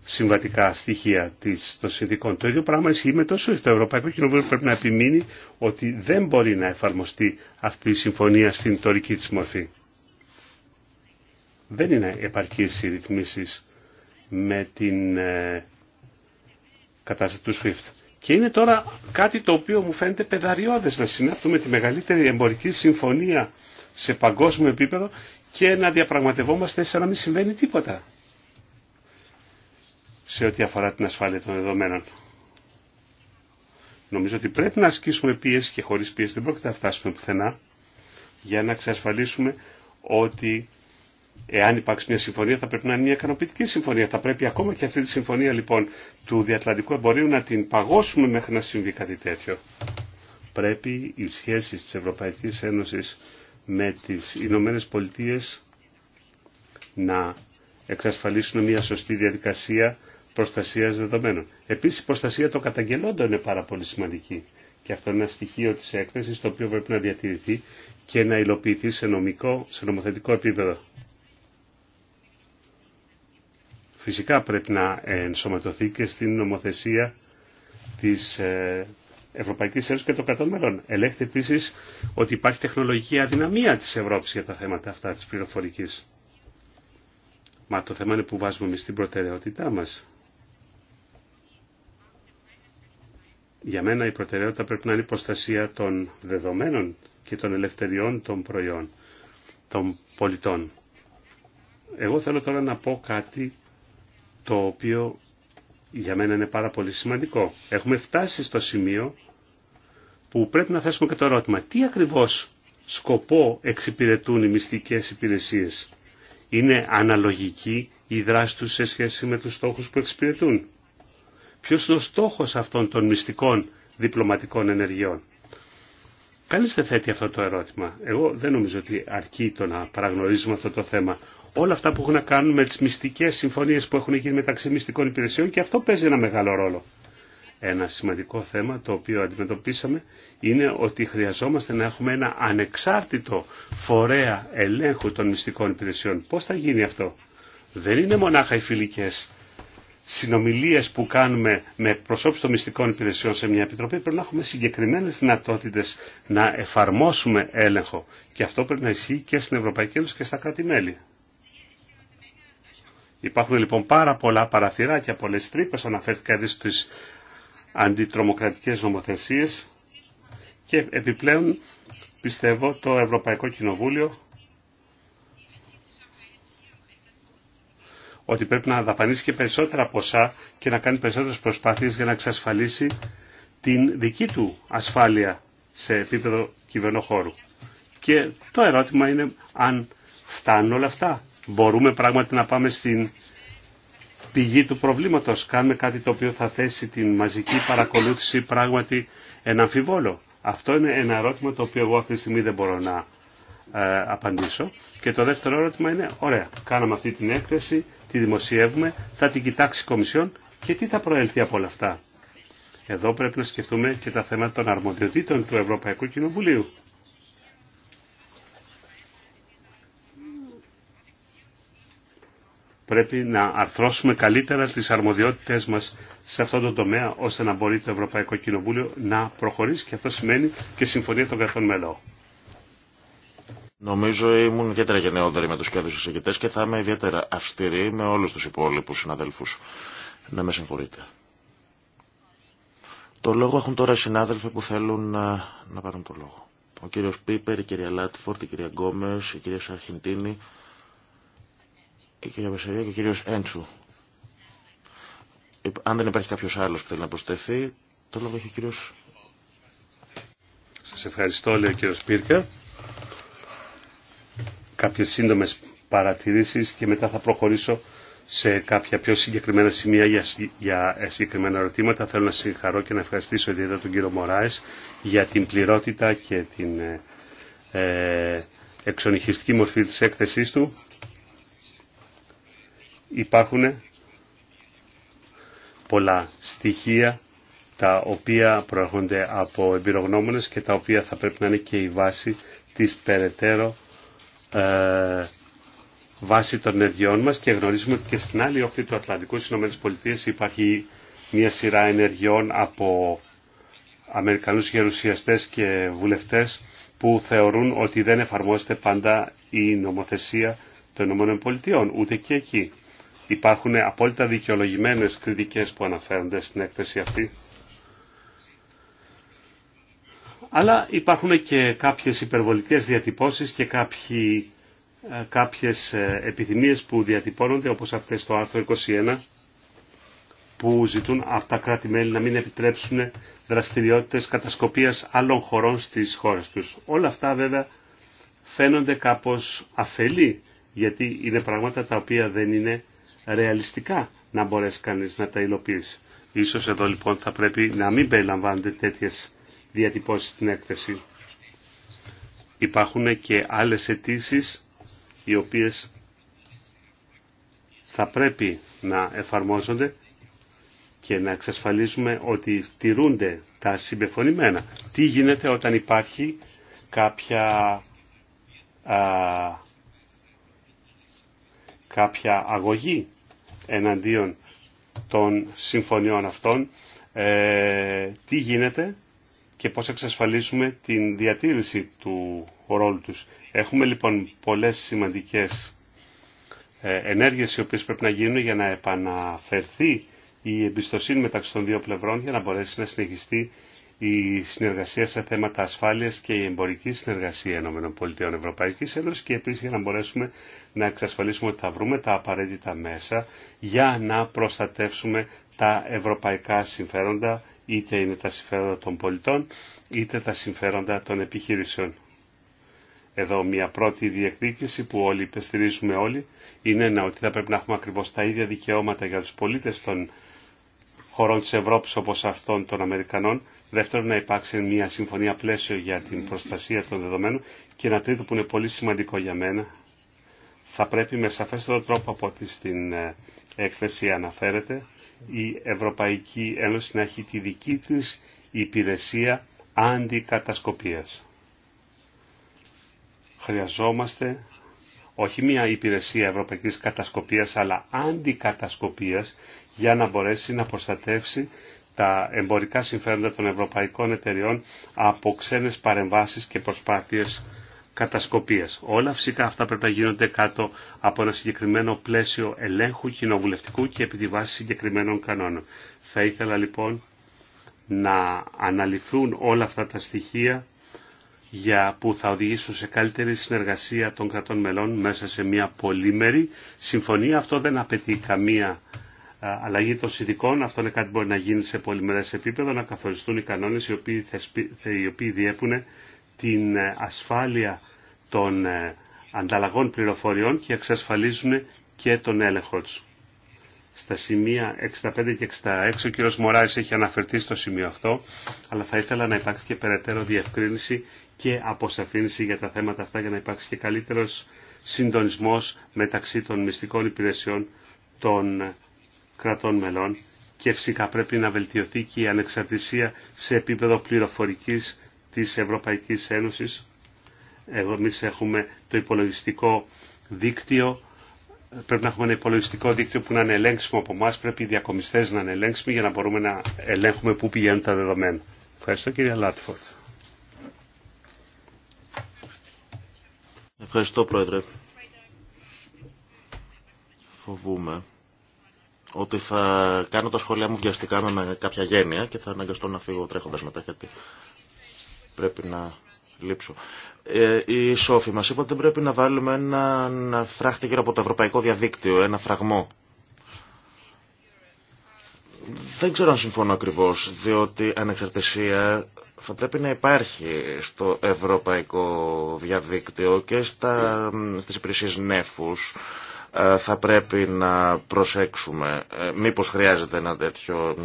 συμβατικά στοιχεία της, των συνθήκων. Το ίδιο πράγμα ισχύει με το ΣΟΥΙΦ. Το Ευρωπαϊκό Κοινοβούλιο πρέπει να επιμείνει ότι δεν μπορεί να εφαρμοστεί αυτή η συμφωνία στην τωρική της μορφή. Δεν είναι επαρκής οι ρυθμίσεις με την ε, κατάσταση του SWIFT. Και είναι τώρα κάτι το οποίο μου φαίνεται πεδαριώδες να συνάπτουμε τη μεγαλύτερη εμπορική συμφωνία σε παγκόσμιο επίπεδο και να διαπραγματευόμαστε σαν να μην συμβαίνει τίποτα σε ό,τι αφορά την ασφάλεια των δεδομένων. Νομίζω ότι πρέπει να ασκήσουμε πίεση και χωρίς πίεση δεν πρόκειται να φτάσουμε πουθενά για να εξασφαλίσουμε ότι Εάν υπάρξει μια συμφωνία θα πρέπει να είναι μια ικανοποιητική συμφωνία. Θα πρέπει ακόμα και αυτή τη συμφωνία λοιπόν του διατλαντικού εμπορίου να την παγώσουμε μέχρι να συμβεί κάτι τέτοιο. Πρέπει οι σχέσεις της Ευρωπαϊκής Ένωσης με τις Ηνωμένε Πολιτείες να εξασφαλίσουν μια σωστή διαδικασία προστασίας δεδομένων. Επίσης η προστασία των καταγγελόντων είναι πάρα πολύ σημαντική και αυτό είναι ένα στοιχείο τη έκθεση, το οποίο πρέπει να διατηρηθεί και να υλοποιηθεί σε, νομικό, σε νομοθετικό επίπεδο φυσικά πρέπει να ενσωματωθεί και στην νομοθεσία της ε, Ευρωπαϊκής Ένωσης και των κρατών μελών. Ελέγχεται επίσης ότι υπάρχει τεχνολογική αδυναμία της Ευρώπης για τα θέματα αυτά της πληροφορικής. Μα το θέμα είναι που βάζουμε εμείς την προτεραιότητά μας. Για μένα η προτεραιότητα πρέπει να είναι η προστασία των δεδομένων και των ελευθεριών των προϊόν, των πολιτών. Εγώ θέλω τώρα να πω κάτι το οποίο για μένα είναι πάρα πολύ σημαντικό. Έχουμε φτάσει στο σημείο που πρέπει να θέσουμε και το ερώτημα τι ακριβώς σκοπό εξυπηρετούν οι μυστικές υπηρεσίες. Είναι αναλογική η δράση τους σε σχέση με τους στόχους που εξυπηρετούν. Ποιος είναι ο στόχος αυτών των μυστικών διπλωματικών ενεργειών. Κανεί δεν θέτει αυτό το ερώτημα. Εγώ δεν νομίζω ότι αρκεί το να παραγνωρίζουμε αυτό το θέμα όλα αυτά που έχουν να κάνουν με τις μυστικές συμφωνίες που έχουν γίνει μεταξύ μυστικών υπηρεσιών και αυτό παίζει ένα μεγάλο ρόλο. Ένα σημαντικό θέμα το οποίο αντιμετωπίσαμε είναι ότι χρειαζόμαστε να έχουμε ένα ανεξάρτητο φορέα ελέγχου των μυστικών υπηρεσιών. Πώς θα γίνει αυτό. Δεν είναι μονάχα οι φιλικές συνομιλίες που κάνουμε με προσώπους των μυστικών υπηρεσιών σε μια επιτροπή πρέπει να έχουμε συγκεκριμένες δυνατότητες να εφαρμόσουμε έλεγχο. Και αυτό πρέπει να ισχύει και στην Ευρωπαϊκή Ένωση και στα κράτη-μέλη. Υπάρχουν λοιπόν πάρα πολλά παραθυράκια, πολλές τρύπες αναφέρθηκα ήδη στις αντιτρομοκρατικέ νομοθεσίε, και επιπλέον πιστεύω το Ευρωπαϊκό Κοινοβούλιο ότι πρέπει να δαπανίσει και περισσότερα ποσά και να κάνει περισσότερες προσπάθειες για να εξασφαλίσει την δική του ασφάλεια σε επίπεδο κυβερνοχώρου. Και το ερώτημα είναι αν φτάνουν όλα αυτά. Μπορούμε πράγματι να πάμε στην πηγή του προβλήματος. Κάνουμε κάτι το οποίο θα θέσει την μαζική παρακολούθηση πράγματι ένα αμφιβόλο. Αυτό είναι ένα ερώτημα το οποίο εγώ αυτή τη στιγμή δεν μπορώ να ε, απαντήσω. Και το δεύτερο ερώτημα είναι, ωραία, κάναμε αυτή την έκθεση, τη δημοσιεύουμε, θα την κοιτάξει η Κομισιόν και τι θα προέλθει από όλα αυτά. Εδώ πρέπει να σκεφτούμε και τα θέματα των αρμοδιοτήτων του Ευρωπαϊκού Κοινοβουλίου. πρέπει να αρθρώσουμε καλύτερα τις αρμοδιότητες μας σε αυτό το τομέα, ώστε να μπορεί το Ευρωπαϊκό Κοινοβούλιο να προχωρήσει και αυτό σημαίνει και συμφωνία των κρατών μελών. Νομίζω ήμουν ιδιαίτερα γενναιόδορη με τους κέντρους εισηγητές και θα είμαι ιδιαίτερα αυστηρή με όλους τους υπόλοιπους συναδέλφους. Να με συγχωρείτε. Το λόγο έχουν τώρα οι συνάδελφοι που θέλουν να, ε, να πάρουν το λόγο. Ο κύριος Πίπερ, η κυρία Λάτφορτ, η κυρία Γκόμες, η κυρία Σαρχιντίνη, η κυρία και ο κύριος Έντσου. Αν δεν υπάρχει κάποιος άλλος που θέλει να προσθεθεί, το λόγο έχει ο κύριος... Σας ευχαριστώ, λέει ο κύριος Πύρκα. Κάποιες σύντομες παρατηρήσεις και μετά θα προχωρήσω σε κάποια πιο συγκεκριμένα σημεία για, για ε, συγκεκριμένα ερωτήματα. Θέλω να συγχαρώ και να ευχαριστήσω ιδιαίτερα τον κύριο Μωράες για την πληρότητα και την ε, ε εξονυχιστική μορφή της έκθεσής του υπάρχουν πολλά στοιχεία τα οποία προέρχονται από εμπειρογνώμονες και τα οποία θα πρέπει να είναι και η βάση της περαιτέρω ε, βάση των ενεργειών μας και γνωρίζουμε ότι και στην άλλη όχθη του Ατλαντικού στις ΗΠΑ υπάρχει μια σειρά ενεργειών από Αμερικανούς γερουσιαστές και βουλευτές που θεωρούν ότι δεν εφαρμόζεται πάντα η νομοθεσία των ΗΠΑ, ούτε και εκεί. Υπάρχουν απόλυτα δικαιολογημένες κριτικές που αναφέρονται στην έκθεση αυτή. Αλλά υπάρχουν και κάποιες υπερβολικές διατυπώσεις και κάποιοι, ε, κάποιες ε, επιθυμίες που διατυπώνονται όπως αυτές στο άρθρο 21 που ζητούν από τα κράτη-μέλη να μην επιτρέψουν δραστηριότητες κατασκοπίας άλλων χωρών στις χώρες τους. Όλα αυτά βέβαια φαίνονται κάπως αφελή, γιατί είναι πράγματα τα οποία δεν είναι ρεαλιστικά να μπορέσει κανείς να τα υλοποιήσει. Ίσως εδώ λοιπόν θα πρέπει να μην περιλαμβάνονται τέτοιες διατυπώσεις στην έκθεση. Υπάρχουν και άλλες αιτήσει οι οποίες θα πρέπει να εφαρμόζονται και να εξασφαλίζουμε ότι τηρούνται τα συμπεφωνημένα. Τι γίνεται όταν υπάρχει κάποια α, κάποια αγωγή εναντίον των συμφωνιών αυτών, ε, τι γίνεται και πώς εξασφαλίσουμε την διατήρηση του ρόλου τους. Έχουμε λοιπόν πολλές σημαντικές ε, ενέργειες οι οποίες πρέπει να γίνουν για να επαναφερθεί η εμπιστοσύνη μεταξύ των δύο πλευρών για να μπορέσει να συνεχιστεί η συνεργασία σε θέματα ασφάλειας και η εμπορική συνεργασία ΗΠΑ και επίσης για να μπορέσουμε να εξασφαλίσουμε ότι θα βρούμε τα απαραίτητα μέσα για να προστατεύσουμε τα ευρωπαϊκά συμφέροντα, είτε είναι τα συμφέροντα των πολιτών, είτε τα συμφέροντα των επιχειρήσεων. Εδώ μια πρώτη διεκδίκηση που όλοι υπεστηρίζουμε όλοι είναι να ότι θα πρέπει να έχουμε ακριβώς τα ίδια δικαιώματα για τους πολίτες των χωρών της Ευρώπης όπως αυτών των Αμερικανών Δεύτερον, να υπάρξει μια συμφωνία πλαίσιο για την προστασία των δεδομένων. Και ένα τρίτο που είναι πολύ σημαντικό για μένα, θα πρέπει με σαφέστερο τρόπο από ό,τι στην ε, έκθεση αναφέρεται, η Ευρωπαϊκή Ένωση να έχει τη δική της υπηρεσία αντικατασκοπίας. Χρειαζόμαστε όχι μια υπηρεσία ευρωπαϊκής κατασκοπίας αλλά αντικατασκοπίας για να μπορέσει να προστατεύσει τα εμπορικά συμφέροντα των ευρωπαϊκών εταιριών από ξένες παρεμβάσεις και προσπάθειες κατασκοπίας. Όλα φυσικά αυτά πρέπει να γίνονται κάτω από ένα συγκεκριμένο πλαίσιο ελέγχου κοινοβουλευτικού και επί τη βάση συγκεκριμένων κανόνων. Θα ήθελα λοιπόν να αναλυθούν όλα αυτά τα στοιχεία για που θα οδηγήσουν σε καλύτερη συνεργασία των κρατών μελών μέσα σε μια πολύμερη συμφωνία. Αυτό δεν απαιτεί καμία αλλαγή των συνδικών. Αυτό είναι κάτι που μπορεί να γίνει σε πολυμερές επίπεδο, να καθοριστούν οι κανόνες οι οποίοι, οι οποίοι διέπουν την ε, ασφάλεια των ε, ανταλλαγών πληροφοριών και εξασφαλίζουν και τον έλεγχο τους. Στα σημεία 65 και 66 ο κύριος Μωράης έχει αναφερθεί στο σημείο αυτό, αλλά θα ήθελα να υπάρξει και περαιτέρω διευκρίνηση και αποσαφήνιση για τα θέματα αυτά για να υπάρξει και καλύτερος συντονισμός μεταξύ των μυστικών υπηρεσιών των κρατών μελών και φυσικά πρέπει να βελτιωθεί και η ανεξαρτησία σε επίπεδο πληροφορικής της Ευρωπαϊκής Ένωσης. Εγώ εμείς έχουμε το υπολογιστικό δίκτυο, πρέπει να έχουμε ένα υπολογιστικό δίκτυο που να είναι ελέγξιμο από εμά, πρέπει οι διακομιστές να είναι ελέγξιμοι για να μπορούμε να ελέγχουμε πού πηγαίνουν τα δεδομένα. Ευχαριστώ κύριε Λάτφορτ. Ευχαριστώ πρόεδρε. Φοβούμαι ότι θα κάνω τα σχόλιά μου βιαστικά με κάποια γένεια και θα αναγκαστώ να φύγω τρέχοντας μετά γιατί πρέπει να λείψω. Ε, η Σόφη μας είπε ότι πρέπει να βάλουμε ένα, φράχτη γύρω από το ευρωπαϊκό διαδίκτυο, ένα φραγμό. Δεν ξέρω αν συμφωνώ ακριβώς, διότι ανεξαρτησία θα πρέπει να υπάρχει στο ευρωπαϊκό διαδίκτυο και στα, στις υπηρεσίες νέφους ε, θα πρέπει να προσέξουμε ε, μήπως χρειάζεται ένα τέτοιο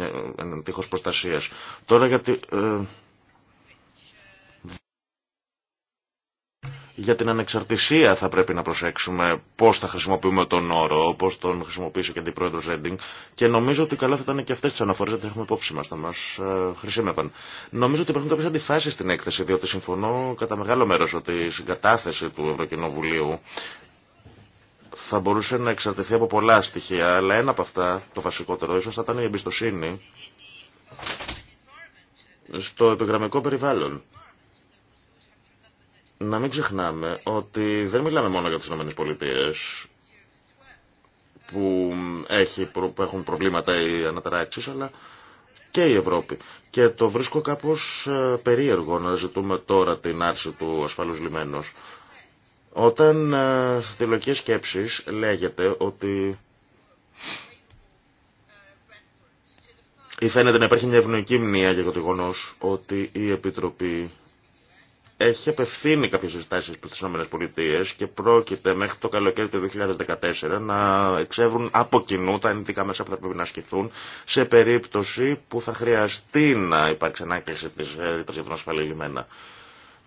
τείχος προστασίας. Τώρα γιατί, ε, για την ανεξαρτησία θα πρέπει να προσέξουμε πώ θα χρησιμοποιούμε τον όρο, πώ τον χρησιμοποιήσει και πρόεδρο Ρέντινγκ. Και νομίζω ότι καλά θα ήταν και αυτέ τι αναφορέ να έχουμε υπόψη μα, θα μα χρησιμεύαν. Νομίζω ότι υπάρχουν κάποιε αντιφάσει στην έκθεση, διότι συμφωνώ κατά μεγάλο μέρο ότι η συγκατάθεση του Ευρωκοινοβουλίου θα μπορούσε να εξαρτηθεί από πολλά στοιχεία, αλλά ένα από αυτά, το βασικότερο ίσως, θα ήταν η εμπιστοσύνη στο επιγραμμικό περιβάλλον. Να μην ξεχνάμε ότι δεν μιλάμε μόνο για τις ΗΠΑ που, έχει, που έχουν προβλήματα οι αναταράξεις, αλλά και η Ευρώπη. Και το βρίσκω κάπως ε, περίεργο να ζητούμε τώρα την άρση του ασφαλούς λιμένος. Όταν ε, στη λογική σκέψη λέγεται ότι ή φαίνεται να υπάρχει μια ευνοϊκή μνήμα για το γεγονό ότι η Επιτροπή έχει απευθύνει κάποιε συστάσεις προ τι ΗΠΑ και πρόκειται μέχρι το καλοκαίρι του 2014 να εξεύρουν από κοινού τα ενδικά μέσα που θα πρέπει να ασκηθούν σε περίπτωση που θα χρειαστεί να υπάρξει ανάκληση τη ρήτρας για τον ασφαλή λιμένα.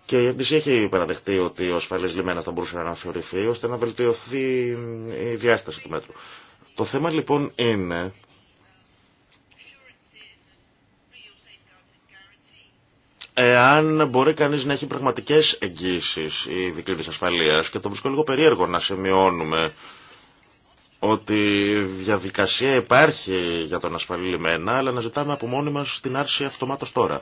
Και η FDC έχει παραδεχτεί ότι ο ασφαλής λιμένας θα μπορούσε να αναθεωρηθεί ώστε να βελτιωθεί η διάσταση του μέτρου. Το θέμα λοιπόν είναι εάν μπορεί κανείς να έχει πραγματικές εγγύσει ή δικλείδες ασφαλεία, και το βρίσκω λίγο περίεργο να σημειώνουμε ότι η διαδικασία υπάρχει για τον ασφαλή λιμένα αλλά να ζητάμε από μόνοι μα την άρση αυτομάτω τώρα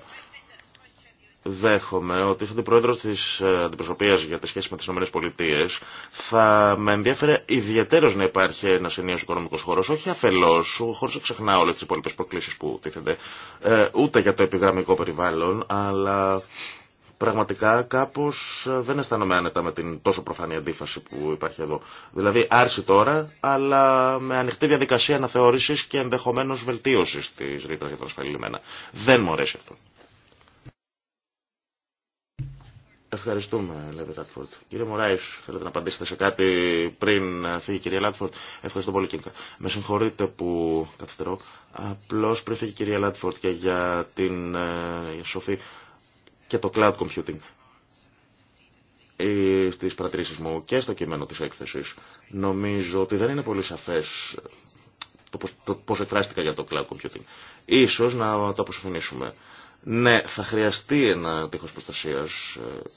δέχομαι ότι είστε πρόεδρο τη ε, αντιπροσωπεία για τι σχέσει με τι ΗΠΑ. Θα με ενδιαφέρε ιδιαίτερο να υπάρχει ένα ενίο οικονομικό χώρο, όχι αφελώ, χωρί να ξεχνάω όλε τι υπόλοιπε προκλήσει που τίθενται, ε, ούτε για το επιγραμμικό περιβάλλον, αλλά πραγματικά κάπω ε, δεν αισθάνομαι άνετα με την τόσο προφανή αντίφαση που υπάρχει εδώ. Δηλαδή, άρση τώρα, αλλά με ανοιχτή διαδικασία αναθεώρηση και ενδεχομένω βελτίωση τη ρήτρα για τα ασφαλή Δεν μου αυτό. Ευχαριστούμε, λέτε Λάτφορντ. Κύριε Μωράη, θέλετε να απαντήσετε σε κάτι πριν φύγει η κυρία Λάτφορντ. Ευχαριστώ πολύ, Κίνκα. Με συγχωρείτε που καθυστερώ. Απλώ πριν φύγει η κυρία Λάτφορντ και για την ε, σοφή και το cloud computing. Στι παρατηρήσει μου και στο κείμενο τη έκθεση, νομίζω ότι δεν είναι πολύ σαφέ το πώ εκφράστηκα για το cloud computing. Ίσως να το αποσυμφωνήσουμε. Ναι, θα χρειαστεί ένα τείχος προστασίας, ε,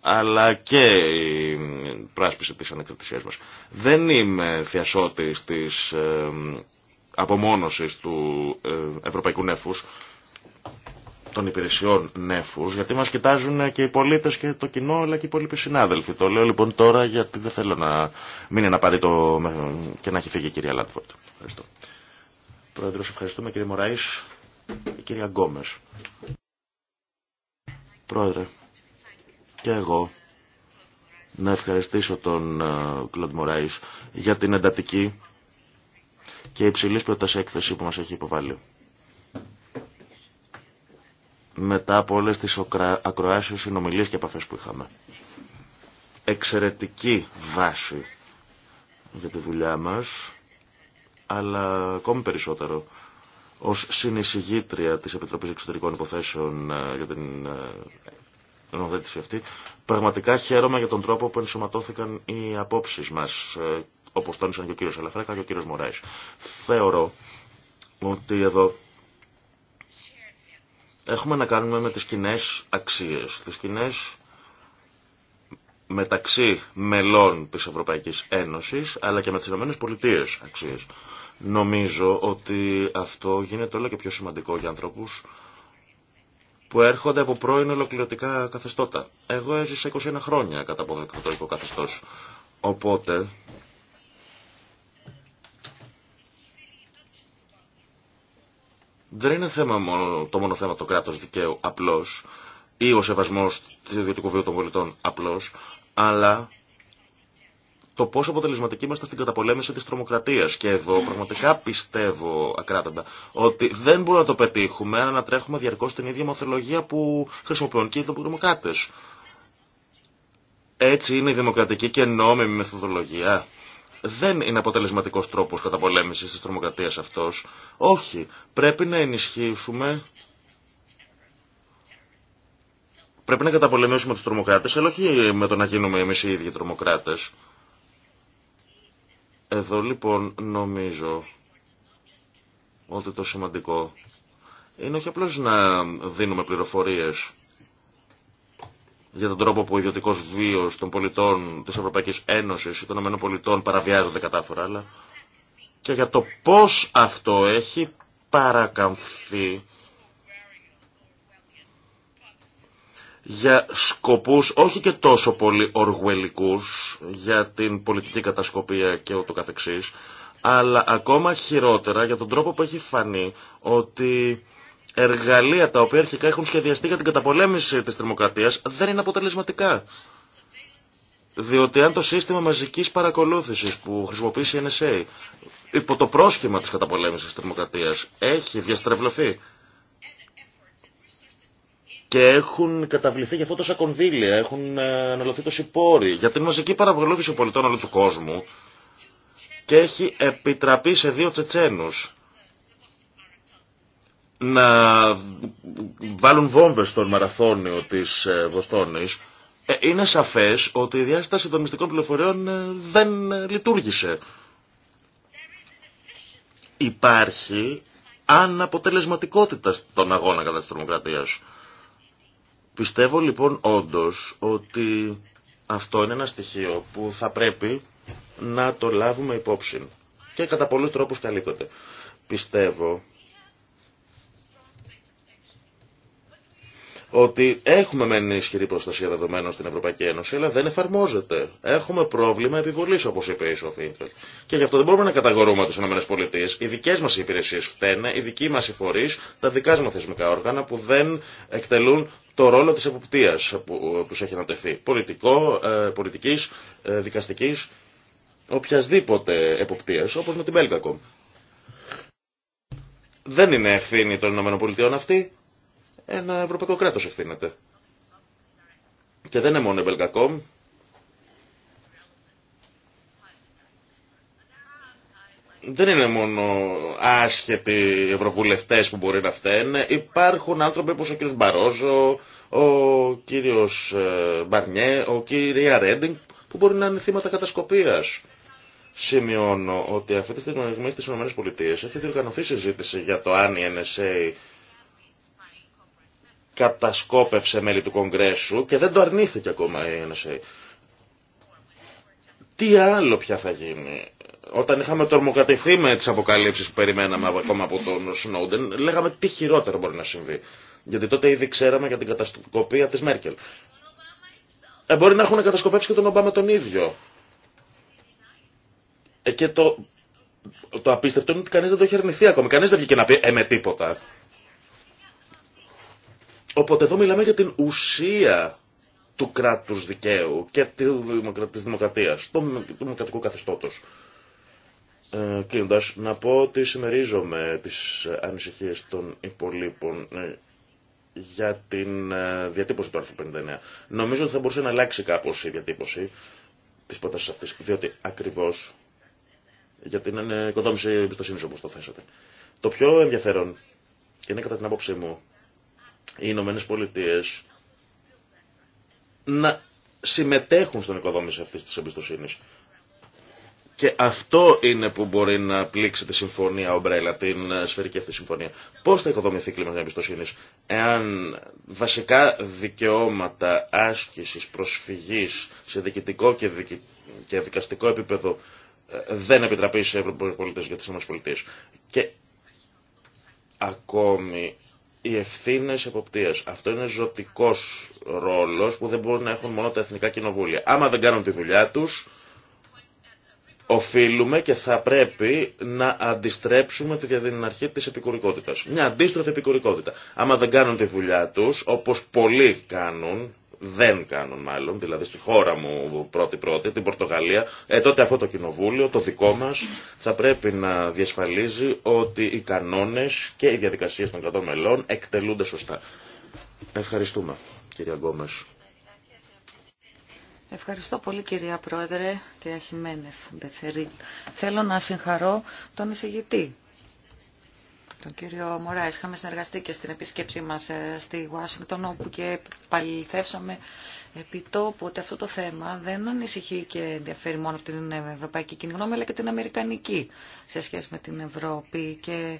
αλλά και η πράσπιση της ανεξαρτησίας μας. Δεν είμαι θειασότης της ε, απομόνωσης του ε, ευρωπαϊκού νέφους, των υπηρεσιών νέφους, γιατί μας κοιτάζουν και οι πολίτες και το κοινό, αλλά και οι υπόλοιποι συνάδελφοι. Το λέω λοιπόν τώρα γιατί δεν θέλω να μείνει να πάρει το... και να έχει φύγει η κυρία Λάτφορντ. Ευχαριστώ. Πρόεδρος, ευχαριστούμε κύριε Μωράης. Η κυρία Γκόμες. Πρόεδρε, και εγώ να ευχαριστήσω τον ε, Κλοντ Μωράης για την εντατική και υψηλής πρόταση έκθεση που μας έχει υποβάλει. Μετά από όλες τις ακροάσεις, συνομιλίες και επαφές που είχαμε. Εξαιρετική βάση για τη δουλειά μας, αλλά ακόμη περισσότερο ως συνεισηγήτρια της Επιτροπής Εξωτερικών Υποθέσεων ε, για την ε, νομοθέτηση αυτή, πραγματικά χαίρομαι για τον τρόπο που ενσωματώθηκαν οι απόψεις μας, ε, όπως τόνισαν και ο κύριος Αλαφράκα και ο κύριος Μωράης. Θεωρώ ότι εδώ έχουμε να κάνουμε με τις κοινέ αξίες, τις κοινέ μεταξύ μελών της Ευρωπαϊκής Ένωσης, αλλά και με τις Ηνωμένες Πολιτείες αξίες. Νομίζω ότι αυτό γίνεται όλο και πιο σημαντικό για ανθρώπους που έρχονται από πρώην ολοκληρωτικά καθεστώτα. Εγώ έζησα 21 χρόνια κατά από δεκατορικό καθεστώς. Οπότε δεν είναι θέμα το μόνο θέμα το κράτος δικαίου απλώς ή ο σεβασμός του ιδιωτικού βίου των πολιτών απλώς, αλλά το πόσο αποτελεσματικοί είμαστε στην καταπολέμηση τη τρομοκρατίας. Και εδώ πραγματικά πιστεύω ακράτατα, ότι δεν μπορούμε να το πετύχουμε αν ανατρέχουμε διαρκώ την ίδια μοθολογία που χρησιμοποιούν και οι τρομοκράτες. Έτσι είναι η δημοκρατική και νόμιμη μεθοδολογία. Δεν είναι αποτελεσματικό τρόπο καταπολεμήση τη τρομοκρατίας αυτός. Όχι. Πρέπει να ενισχύσουμε πρέπει να καταπολεμήσουμε του τρομοκράτε, αλλά όχι με το να γίνουμε εμεί οι ίδιοι τρομοκράτε. Εδώ λοιπόν νομίζω ότι το σημαντικό είναι όχι απλώς να δίνουμε πληροφορίες για τον τρόπο που ο ιδιωτικό βίο των πολιτών της Ευρωπαϊκή Ένωση ή των ΗΠΑ παραβιάζονται κατάφορα, αλλά και για το πώς αυτό έχει παρακαμφθεί για σκοπούς όχι και τόσο πολύ οργουελικούς για την πολιτική κατασκοπία και ούτω καθεξής, αλλά ακόμα χειρότερα για τον τρόπο που έχει φανεί ότι εργαλεία τα οποία αρχικά έχουν σχεδιαστεί για την καταπολέμηση της τρομοκρατίας δεν είναι αποτελεσματικά. Διότι αν το σύστημα μαζικής παρακολούθησης που χρησιμοποιήσει η NSA υπό το πρόσχημα της καταπολέμησης της δημοκρατίας έχει διαστρεβλωθεί και έχουν καταβληθεί για αυτό τόσα κονδύλια, έχουν ε, αναλωθεί τόσοι πόροι για την μαζική των πολιτών όλου του κόσμου και έχει επιτραπεί σε δύο Τσετσένους να βάλουν βόμβες στον μαραθώνιο της ε, Βοστόνης ε, είναι σαφές ότι η διάσταση των μυστικών πληροφοριών δεν λειτουργήσε. Υπάρχει αναποτελεσματικότητα στον αγώνα κατά της τρομοκρατίας. Πιστεύω λοιπόν όντως ότι αυτό είναι ένα στοιχείο που θα πρέπει να το λάβουμε υπόψη και κατά πολλούς τρόπους καλύπτεται. Πιστεύω ότι έχουμε μεν ισχυρή προστασία δεδομένων στην Ευρωπαϊκή Ένωση, αλλά δεν εφαρμόζεται. Έχουμε πρόβλημα επιβολή, όπω είπε η Σοφή. Και γι' αυτό δεν μπορούμε να καταγορούμε τι ΗΠΑ. Οι δικέ μα υπηρεσίε φταίνε, οι δικοί μα φορεί, τα δικά μα θεσμικά όργανα που δεν εκτελούν το ρόλο τη εποπτεία που ε, του έχει ανατεθεί. Πολιτικό, ε, πολιτική, ε, δικαστική, οποιασδήποτε εποπτεία, όπω με την Belgacom. Δεν είναι ευθύνη των ΗΠΑ αυτή, ένα ευρωπαϊκό κράτος ευθύνεται. Και δεν είναι μόνο η Belgacom. Δεν είναι μόνο άσχετοι ευρωβουλευτές που μπορεί να φταίνε. Υπάρχουν άνθρωποι όπως ο κύριος Μπαρόζο, ο κύριος ε, Μπαρνιέ, ο κύριος Ρέντινγκ που μπορεί να είναι θύματα κατασκοπίας. Σημειώνω ότι αυτή τη στιγμή στις ΗΠΑ έχει διοργανωθεί συζήτηση για το αν η NSA κατασκόπευσε μέλη του Κογκρέσου και δεν το αρνήθηκε ακόμα η NSA. Τι άλλο πια θα γίνει. Όταν είχαμε τορμοκατηθεί με τις αποκαλύψεις που περιμέναμε ακόμα από τον Σνόντεν, λέγαμε τι χειρότερο μπορεί να συμβεί. Γιατί τότε ήδη ξέραμε για την κατασκοπία της Μέρκελ. Ε, μπορεί να έχουν κατασκοπεύσει και τον Ομπάμα τον ίδιο. Ε, και το, το απίστευτο είναι ότι κανείς δεν το έχει αρνηθεί ακόμα. Κανείς δεν βγήκε να πει «ε τίποτα». Οπότε εδώ μιλάμε για την ουσία του κράτους δικαίου και της δημοκρατίας, του δημοκρατικού καθεστώτος. Ε, κλείνοντας, να πω ότι συμμερίζομαι τις ανησυχίες των υπολείπων ε, για την ε, διατύπωση του άρθρου 59. Νομίζω ότι θα μπορούσε να αλλάξει κάπως η διατύπωση της πρότασης αυτής, διότι ακριβώς για την ε, οικοδόμηση εμπιστοσύνη όπως το θέσατε. Το πιο ενδιαφέρον είναι κατά την άποψή μου οι Ηνωμένε Πολιτείε να συμμετέχουν στον οικοδόμηση αυτής της εμπιστοσύνη. Και αυτό είναι που μπορεί να πλήξει τη συμφωνία ομπρέλα, την ε, σφαιρική αυτή συμφωνία. Πώ θα οικοδομηθεί κλίμα εμπιστοσύνη, εάν βασικά δικαιώματα άσκηση, προσφυγή σε διοικητικό και, δικαστικό επίπεδο ε, δεν επιτραπεί σε Ευρωπαίου πολίτε για τι ΗΠΑ. Και ακόμη οι ευθύνε εποπτεία. Αυτό είναι ζωτικό ρόλο που δεν μπορούν να έχουν μόνο τα εθνικά κοινοβούλια. Άμα δεν κάνουν τη δουλειά του, οφείλουμε και θα πρέπει να αντιστρέψουμε τη αρχή τη επικουρικότητα. Μια αντίστροφη επικουρικότητα. Άμα δεν κάνουν τη δουλειά του, όπω πολλοί κάνουν, δεν κάνουν μάλλον, δηλαδή στη χώρα μου πρώτη-πρώτη, την Πορτογαλία, ε, τότε αυτό το κοινοβούλιο, το δικό μας, θα πρέπει να διασφαλίζει ότι οι κανόνες και οι διαδικασίες των κρατών μελών εκτελούνται σωστά. Ευχαριστούμε, κυρία Γκόμες. Ευχαριστώ πολύ κυρία Πρόεδρε, και Χιμένεθ Μπεθερή. Θέλω να συγχαρώ τον εισηγητή τον κύριο Μωράης. Είχαμε συνεργαστεί και στην επίσκεψή μας ε, στη Ουάσιγκτον όπου και παληθεύσαμε επί τόπου ότι αυτό το θέμα δεν ανησυχεί και ενδιαφέρει μόνο από την ευρωπαϊκή κοινή γνώμη αλλά και την αμερικανική σε σχέση με την Ευρώπη και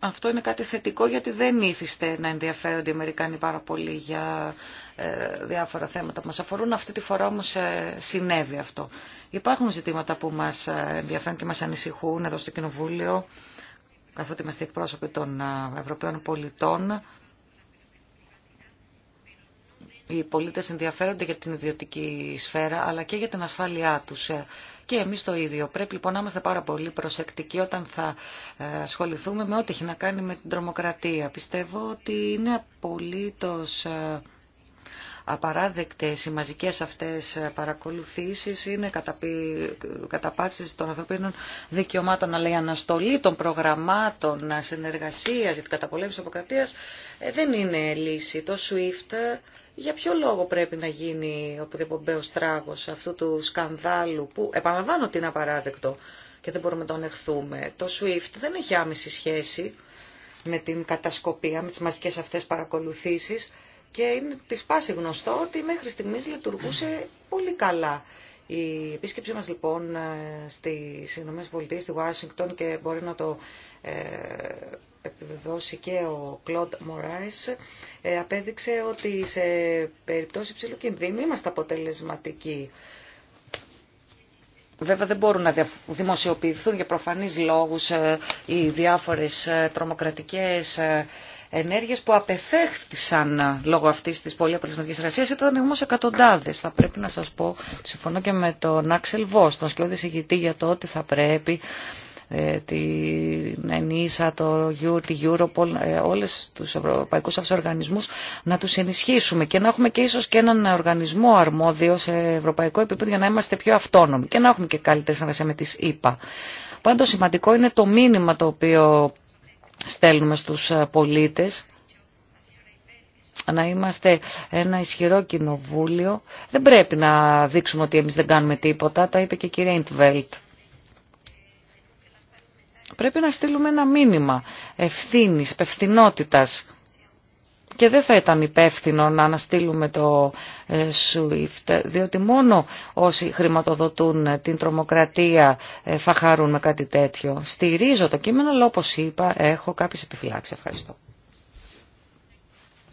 αυτό είναι κάτι θετικό γιατί δεν ήθιστε να ενδιαφέρονται οι Αμερικάνοι πάρα πολύ για ε, διάφορα θέματα που μας αφορούν. Αυτή τη φορά όμως ε, συνέβη αυτό. Υπάρχουν ζητήματα που μας ε, ενδιαφέρουν και μας ανησυχούν εδώ στο Κοινοβούλιο καθότι είμαστε εκπρόσωποι των Ευρωπαίων πολιτών οι πολίτες ενδιαφέρονται για την ιδιωτική σφαίρα αλλά και για την ασφάλειά τους. Ε, και εμείς το ίδιο. Πρέπει λοιπόν να είμαστε πάρα πολύ προσεκτικοί όταν θα ε, ασχοληθούμε με ό,τι έχει να κάνει με την τρομοκρατία. Πιστεύω ότι είναι απολύτως ε, απαράδεκτες οι μαζικές αυτές παρακολουθήσεις είναι καταπάτηση των ανθρωπίνων δικαιωμάτων αλλά η αναστολή των προγραμμάτων συνεργασίας για την καταπολέμηση της αποκρατίας ε, δεν είναι λύση. Το SWIFT για ποιο λόγο πρέπει να γίνει ο Πομπέος τράγος αυτού του σκανδάλου που επαναλαμβάνω ότι είναι απαράδεκτο και δεν μπορούμε να τον εχθούμε. Το SWIFT δεν έχει άμεση σχέση με την κατασκοπία, με τις μαζικές αυτές παρακολουθήσεις και είναι τη πάση γνωστό ότι μέχρι στιγμή λειτουργούσε πολύ καλά. Η επίσκεψή μα λοιπόν ε, στις ΗΠΑ, στη Ουάσιγκτον και μπορεί να το ε, επιβεβαιώσει και ο Κλοντ Μωράης, ε, απέδειξε ότι σε περιπτώσει ψηλού κινδύνου είμαστε αποτελεσματικοί. Βέβαια δεν μπορούν να δημοσιοποιηθούν για προφανείς λόγους ε, οι διάφορες τρομοκρατικές Ενέργειε που απεφέχθησαν λόγω αυτή τη πολύ αποτελεσματική εργασία, ήταν όμω εκατοντάδε. Θα πρέπει να σα πω, συμφωνώ και με τον Άξελ Βό, τον σκιώδη συγκητή για το ότι θα πρέπει ε, την ΕΝΙΣΑ, το EU, τη Europol, ε, όλες τους ευρωπαϊκούς αυτούς οργανισμούς να τους ενισχύσουμε και να έχουμε και ίσως και έναν οργανισμό αρμόδιο σε ευρωπαϊκό επίπεδο για να είμαστε πιο αυτόνομοι και να έχουμε και καλύτερη συνεργασία με τις ΕΠΑ. Πάντως σημαντικό είναι το μήνυμα το οποίο στέλνουμε στους ε, πολίτες να είμαστε ένα ισχυρό κοινοβούλιο. Δεν πρέπει να δείξουμε ότι εμείς δεν κάνουμε τίποτα, τα είπε και η κυρία Ιντβέλτ. Πρέπει να στείλουμε ένα μήνυμα ευθύνης, πευθυνότητας και δεν θα ήταν υπεύθυνο να αναστείλουμε το ε, SWIFT, διότι μόνο όσοι χρηματοδοτούν ε, την τρομοκρατία ε, θα χαρούν με κάτι τέτοιο. Στηρίζω το κείμενο, αλλά όπως είπα έχω κάποιες επιφυλάξεις. Ευχαριστώ.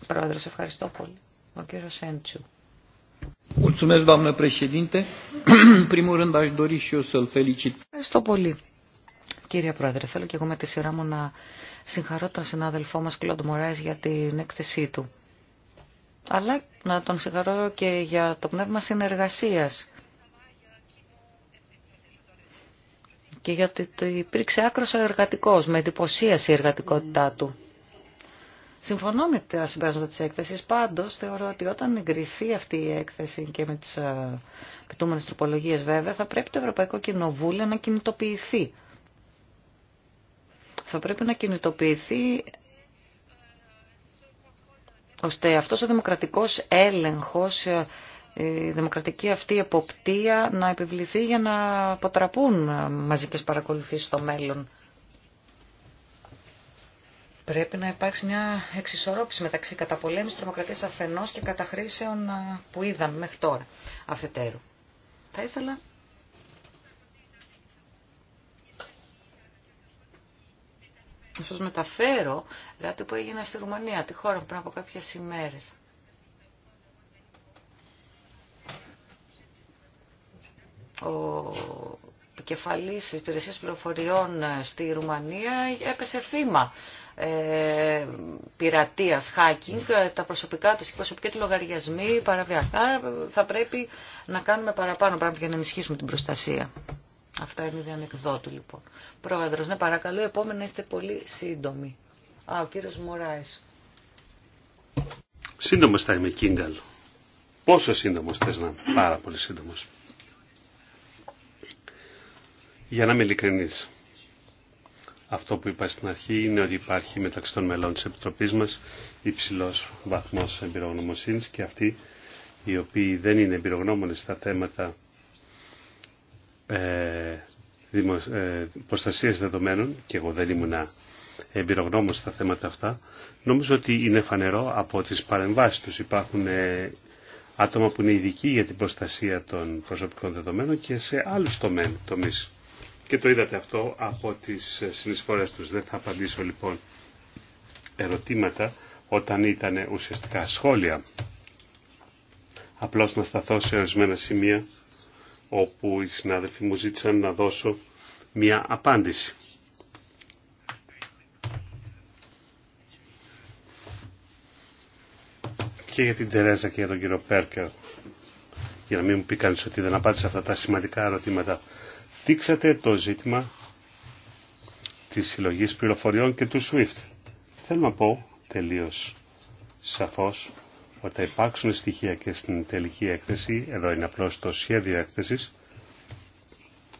Πρόεδρος, ευχαριστώ πολύ. Ο κύριος Έντσου. [clears throat] Ευχαριστώ πολύ. Κύριε Πρόεδρε, θέλω και εγώ με τη σειρά μου να συγχαρώ τον συνάδελφό μας Κλοντ Μωράης για την έκθεσή του. Αλλά να τον συγχαρώ και για το πνεύμα συνεργασίας. Και γιατί υπήρξε άκρος εργατικός, με εντυπωσίαση η εργατικότητά του. Συμφωνώ με τα συμπεράσματα της έκθεσης, πάντως θεωρώ ότι όταν εγκριθεί αυτή η έκθεση και με τις ε, πετούμενες τροπολογίες βέβαια, θα πρέπει το Ευρωπαϊκό Κοινοβούλιο να κινητοποιηθεί θα πρέπει να κινητοποιηθεί ώστε αυτός ο δημοκρατικός έλεγχος, η δημοκρατική αυτή εποπτεία να επιβληθεί για να αποτραπούν μαζικές παρακολουθήσεις στο μέλλον. Πρέπει να υπάρξει μια εξισορρόπηση μεταξύ καταπολέμησης τρομοκρατίας αφενός και καταχρήσεων που είδαμε μέχρι τώρα αφετέρου. Θα ήθελα να σας μεταφέρω κάτι που έγινε στη Ρουμανία, τη χώρα πριν από κάποιες ημέρες. Ο κεφαλής υπηρεσίας πληροφοριών ε, στη Ρουμανία έπεσε θύμα ε, πειρατείας, hacking, ναι. τα προσωπικά του, και προσωπικοί του λογαριασμοί παραβιάστηκαν. Άρα θα πρέπει να κάνουμε παραπάνω πράγματα για να ενισχύσουμε την προστασία. Αυτά είναι η ανεκδότη λοιπόν. Πρόεδρο, ναι παρακαλώ, επόμενα είστε πολύ σύντομοι. Α, ο κύριος Μωράη. Σύντομο θα είμαι, Κίνγκαλ. Πόσο σύντομο θε να είμαι. Πάρα πολύ σύντομο. Για να είμαι ειλικρινή, Αυτό που είπα στην αρχή είναι ότι υπάρχει μεταξύ των μελών τη Επιτροπή μα, υψηλό βαθμό εμπειρογνωμοσύνη και αυτοί οι οποίοι δεν είναι εμπειρογνώμονε στα θέματα ε, ε προστασία δεδομένων και εγώ δεν ήμουν εμπειρογνώμων στα θέματα αυτά νομίζω ότι είναι φανερό από τις παρεμβάσεις τους υπάρχουν ε, άτομα που είναι ειδικοί για την προστασία των προσωπικών δεδομένων και σε άλλους τομείς και το είδατε αυτό από τις ε, συνεισφορές τους δεν θα απαντήσω λοιπόν ερωτήματα όταν ήταν ουσιαστικά σχόλια απλώς να σταθώ σε ορισμένα σημεία όπου οι συνάδελφοι μου ζήτησαν να δώσω μια απάντηση. Και για την Τερέζα και για τον κύριο Πέρκερ, για να μην μου πει κανείς ότι δεν απάντησε αυτά τα σημαντικά ερωτήματα, δείξατε το ζήτημα της συλλογή πληροφοριών και του SWIFT. Θέλω να πω τελείως σαφώς ότι θα υπάρξουν στοιχεία και στην τελική έκθεση. Εδώ είναι απλώς το σχέδιο έκθεσης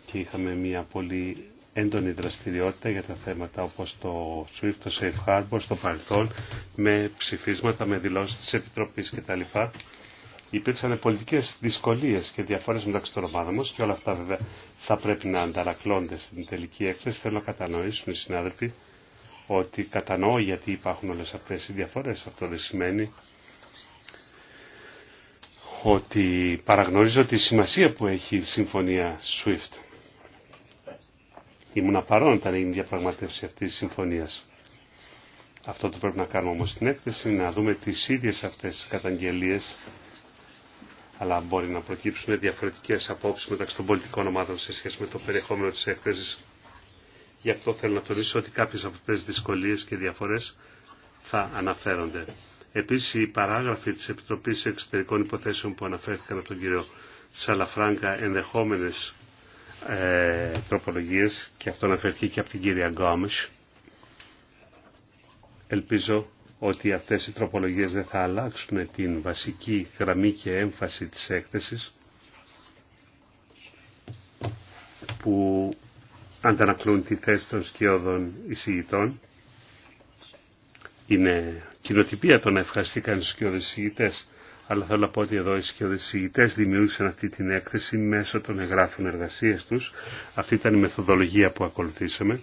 και είχαμε μια πολύ έντονη δραστηριότητα για τα θέματα όπως το SWIFT, το Safe Harbor, στο παρελθόν, με ψηφίσματα, με δηλώσεις της Επιτροπής κτλ. Υπήρξαν πολιτικές δυσκολίες και διαφορές μεταξύ των ομάδων μας και όλα αυτά βέβαια θα πρέπει να ανταρακλώνται στην τελική έκθεση. Θέλω να κατανοήσουν οι συνάδελφοι ότι κατανοώ γιατί υπάρχουν όλες αυτές οι διαφορές. Αυτό δεν σημαίνει ότι παραγνωρίζω τη σημασία που έχει η συμφωνία SWIFT. Ήμουν παρόν όταν έγινε η διαπραγματεύση αυτή τη συμφωνία. Αυτό το πρέπει να κάνουμε όμω στην έκθεση είναι να δούμε τις ίδιες αυτές τι καταγγελίες αλλά μπορεί να προκύψουν διαφορετικέ απόψεις μεταξύ των πολιτικών ομάδων σε σχέση με το περιεχόμενο της έκθεσης. Γι' αυτό θέλω να τονίσω ότι κάποιε από αυτές τι δυσκολίε και διαφορε θα αναφέρονται. Επίση, οι παράγραφοι τη επιτροπή Εξωτερικών Υποθέσεων που αναφέρθηκαν από τον κύριο Σαλαφράγκα ενδεχόμενε ε, τροπολογίες και αυτό αναφέρθηκε και από την κυρία Γκόμες. Ελπίζω ότι αυτές οι τροπολογίες δεν θα αλλάξουν την βασική γραμμή και έμφαση της έκθεσης που αντανακλούν τη θέση των σκιώδων εισηγητών. Είναι κοινοτυπία το να ευχαριστήκαν οι του Αλλά θέλω να πω ότι εδώ οι σκιοδησηγητέ δημιούργησαν αυτή την έκθεση μέσω των εγγράφων εργασίες του. Αυτή ήταν η μεθοδολογία που ακολουθήσαμε.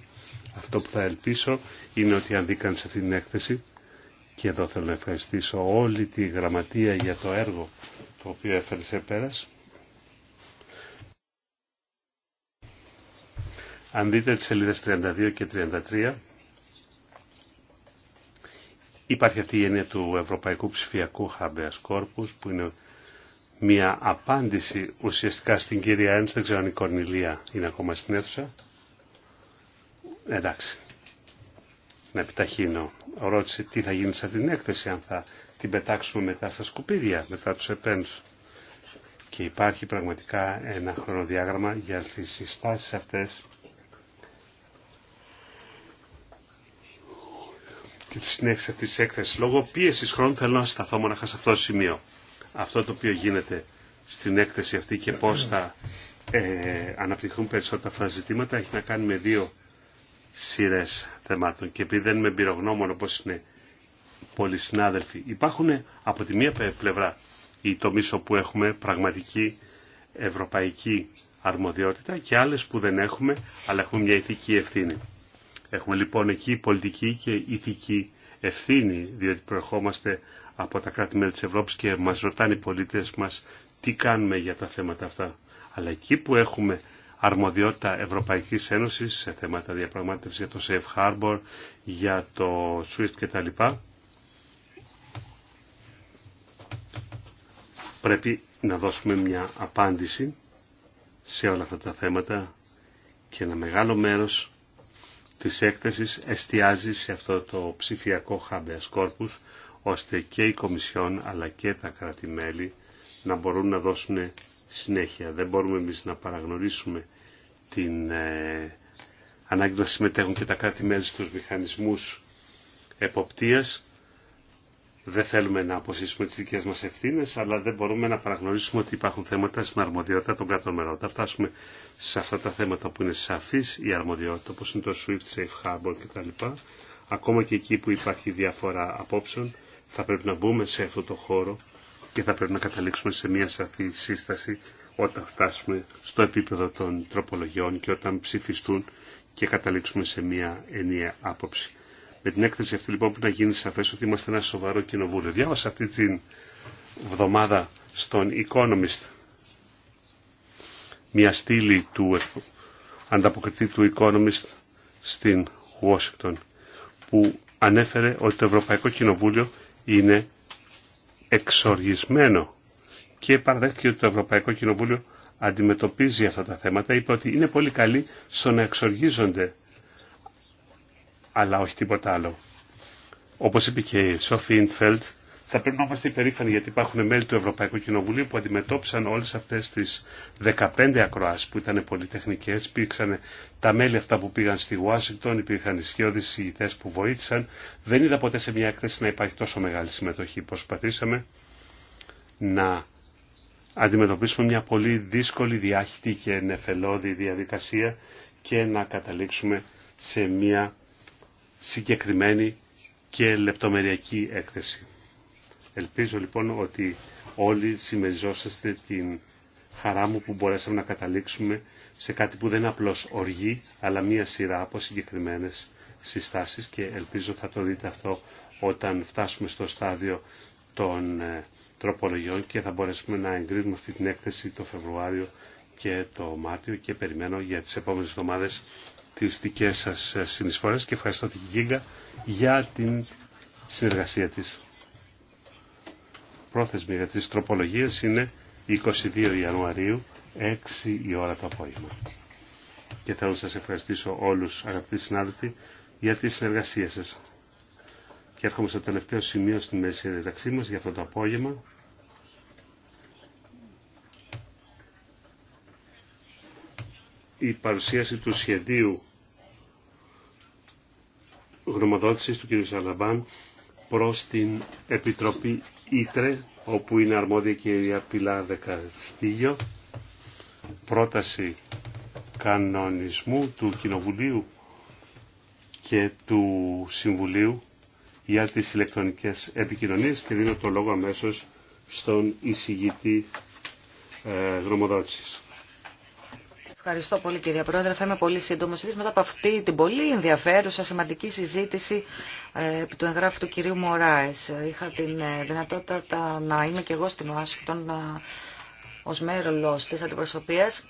Αυτό που θα ελπίσω είναι ότι αν δει σε αυτή την έκθεση, και εδώ θέλω να ευχαριστήσω όλη τη γραμματεία για το έργο το οποίο έφερε σε πέρας. Αν δείτε τις σελίδες 32 και 33, Υπάρχει αυτή η έννοια του Ευρωπαϊκού Ψηφιακού Χαμπέας Κόρπους που είναι μια απάντηση ουσιαστικά στην κυρία Ένς, δεν ξέρω αν η Κορνηλία είναι ακόμα στην αίθουσα. Εντάξει, να επιταχύνω. Ρώτησε τι θα γίνει σε την έκθεση, αν θα την πετάξουμε μετά στα σκουπίδια, μετά τους επένους. Και υπάρχει πραγματικά ένα χρονοδιάγραμμα για τις συστάσεις αυτές και τη συνέχιση αυτή τη έκθεση Λόγω πίεση χρόνου θέλω να σταθώ μονάχα σε αυτό το σημείο. Αυτό το οποίο γίνεται στην έκθεση αυτή και πώ θα ε, αναπτυχθούν περισσότερα αυτά τα ζητήματα έχει να κάνει με δύο σειρέ θεμάτων. Και επειδή δεν είμαι εμπειρογνώμων όπω είναι πολλοί συνάδελφοι, υπάρχουν από τη μία πλευρά οι τομεί όπου έχουμε πραγματική ευρωπαϊκή αρμοδιότητα και άλλες που δεν έχουμε, αλλά έχουμε μια ηθική ευθύνη. Έχουμε λοιπόν εκεί πολιτική και ηθική ευθύνη, διότι προερχόμαστε από τα κράτη-μέλη της Ευρώπης και μας ρωτάνε οι πολίτες μας τι κάνουμε για τα θέματα αυτά. Αλλά εκεί που έχουμε αρμοδιότητα Ευρωπαϊκής Ένωσης σε θέματα διαπραγμάτευσης για το Safe Harbor, για το SWIFT κτλ. Πρέπει να δώσουμε μια απάντηση σε όλα αυτά τα θέματα και ένα μεγάλο μέρος της έκθεσης εστιάζει σε αυτό το ψηφιακό habeas corpus, ώστε και η Κομισιόν αλλά και τα κρατη να μπορούν να δώσουν συνέχεια. Δεν μπορούμε εμείς να παραγνωρίσουμε την ε, ανάγκη να συμμετέχουν και τα κράτη-μέλη στους μηχανισμούς εποπτείας δεν θέλουμε να αποσύσουμε τις δικές μας ευθύνες, αλλά δεν μπορούμε να παραγνωρίσουμε ότι υπάρχουν θέματα στην αρμοδιότητα των κρατών μερών. Όταν φτάσουμε σε αυτά τα θέματα που είναι σαφής η αρμοδιότητα, όπως είναι το SWIFT, Safe Harbor κτλ, ακόμα και εκεί που υπάρχει διαφορά απόψεων, θα πρέπει να μπούμε σε αυτό το χώρο και θα πρέπει να καταλήξουμε σε μια σαφή σύσταση όταν φτάσουμε στο επίπεδο των τροπολογιών και όταν ψηφιστούν και καταλήξουμε σε μια ενιαία άποψη. Με την έκθεση αυτή λοιπόν που να γίνει σαφές ότι είμαστε ένα σοβαρό κοινοβούλιο. Διάβασα αυτή την βδομάδα στον Economist μια στήλη του ανταποκριτή του Economist στην Washington που ανέφερε ότι το Ευρωπαϊκό Κοινοβούλιο είναι εξοργισμένο και παραδέχτηκε ότι το Ευρωπαϊκό Κοινοβούλιο αντιμετωπίζει αυτά τα θέματα. Είπε ότι είναι πολύ καλή στο να εξοργίζονται αλλά όχι τίποτα άλλο. Όπως είπε και η Σόφι Ίντφελτ, θα πρέπει να είμαστε υπερήφανοι γιατί υπάρχουν μέλη του Ευρωπαϊκού Κοινοβουλίου που αντιμετώπισαν όλες αυτές τις 15 ακροάσεις που ήταν πολυτεχνικές. Υπήρξαν τα μέλη αυτά που πήγαν στη Ουάσιγκτον, υπήρχαν ισχυώδεις συγητές που βοήθησαν. Δεν είδα ποτέ σε μια έκθεση να υπάρχει τόσο μεγάλη συμμετοχή. Προσπαθήσαμε να αντιμετωπίσουμε μια πολύ δύσκολη, διάχυτη και νεφελώδη διαδικασία και να καταλήξουμε σε μια συγκεκριμένη και λεπτομεριακή έκθεση. Ελπίζω λοιπόν ότι όλοι συμμεριζόσαστε την χαρά μου που μπορέσαμε να καταλήξουμε σε κάτι που δεν είναι απλώς οργή, αλλά μία σειρά από συγκεκριμένες συστάσεις και ελπίζω θα το δείτε αυτό όταν φτάσουμε στο στάδιο των ε, τροπολογιών και θα μπορέσουμε να εγκρίνουμε αυτή την έκθεση το Φεβρουάριο και το Μάρτιο και περιμένω για τις επόμενες εβδομάδες τις δικές σας ε, συνεισφορές και ευχαριστώ την Γίγκα για την συνεργασία της. Πρόθεσμη για τις τροπολογίες είναι 22 Ιανουαρίου, 6 η ώρα το απόγευμα. Και θέλω να σας ευχαριστήσω όλους αγαπητοί συνάδελφοι για τη συνεργασία σας. Και έρχομαι στο τελευταίο σημείο στη μέση διαταξή μας για αυτό το απόγευμα. η παρουσίαση του σχεδίου γνωμοδότησης του κ. Σαλαμπάν προς την Επιτροπή Ήτρε, όπου είναι αρμόδια η κυρία Πιλά Δεκαστήγιο, πρόταση κανονισμού του Κοινοβουλίου και του Συμβουλίου για τις ηλεκτρονικές επικοινωνίες και δίνω το λόγο αμέσως στον εισηγητή ε, Ευχαριστώ πολύ κύριε Πρόεδρε. Θα είμαι πολύ σύντομος. Ιδίως μετά από αυτή την πολύ ενδιαφέρουσα σημαντική συζήτηση ε, του εγγράφου του κυρίου Μωράης Είχα την ε, δυνατότητα να είμαι και εγώ στην Ουάσιγκτον ε, ως μέρος της αντιπροσωπείας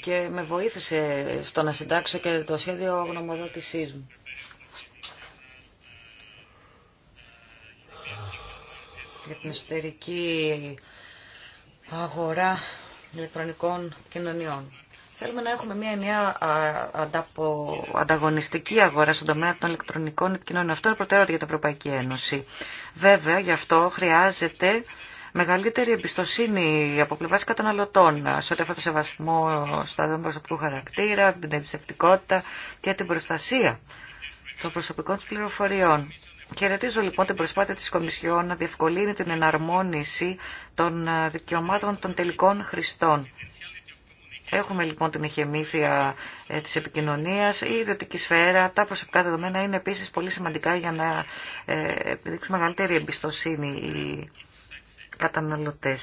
και με βοήθησε στο να συντάξω και το σχέδιο γνωμοδότησής μου. Για την εσωτερική αγορά ηλεκτρονικών κοινωνιών. Θέλουμε να έχουμε μια ενιαία ανταγωνιστική αγορά στον τομέα των ηλεκτρονικών κοινωνιών. Αυτό είναι προτεραιότητα για την Ευρωπαϊκή Ένωση. Βέβαια, γι' αυτό χρειάζεται μεγαλύτερη εμπιστοσύνη από πλευρά καταναλωτών σε ό,τι αφορά το σεβασμό στα δόντια προσωπικού χαρακτήρα, την εμπιστευτικότητα και την προστασία των προσωπικών της πληροφοριών. Χαιρετίζω λοιπόν την προσπάθεια της Κομισιόν να διευκολύνει την εναρμόνιση των ε, δικαιωμάτων των τελικών χρηστών. Έχουμε λοιπόν την ηχεμήθεια ε, της επικοινωνίας, η ιδιωτική σφαίρα, τα προσωπικά δεδομένα είναι επίσης πολύ σημαντικά για να ε, μεγαλύτερη εμπιστοσύνη η καταναλωτέ.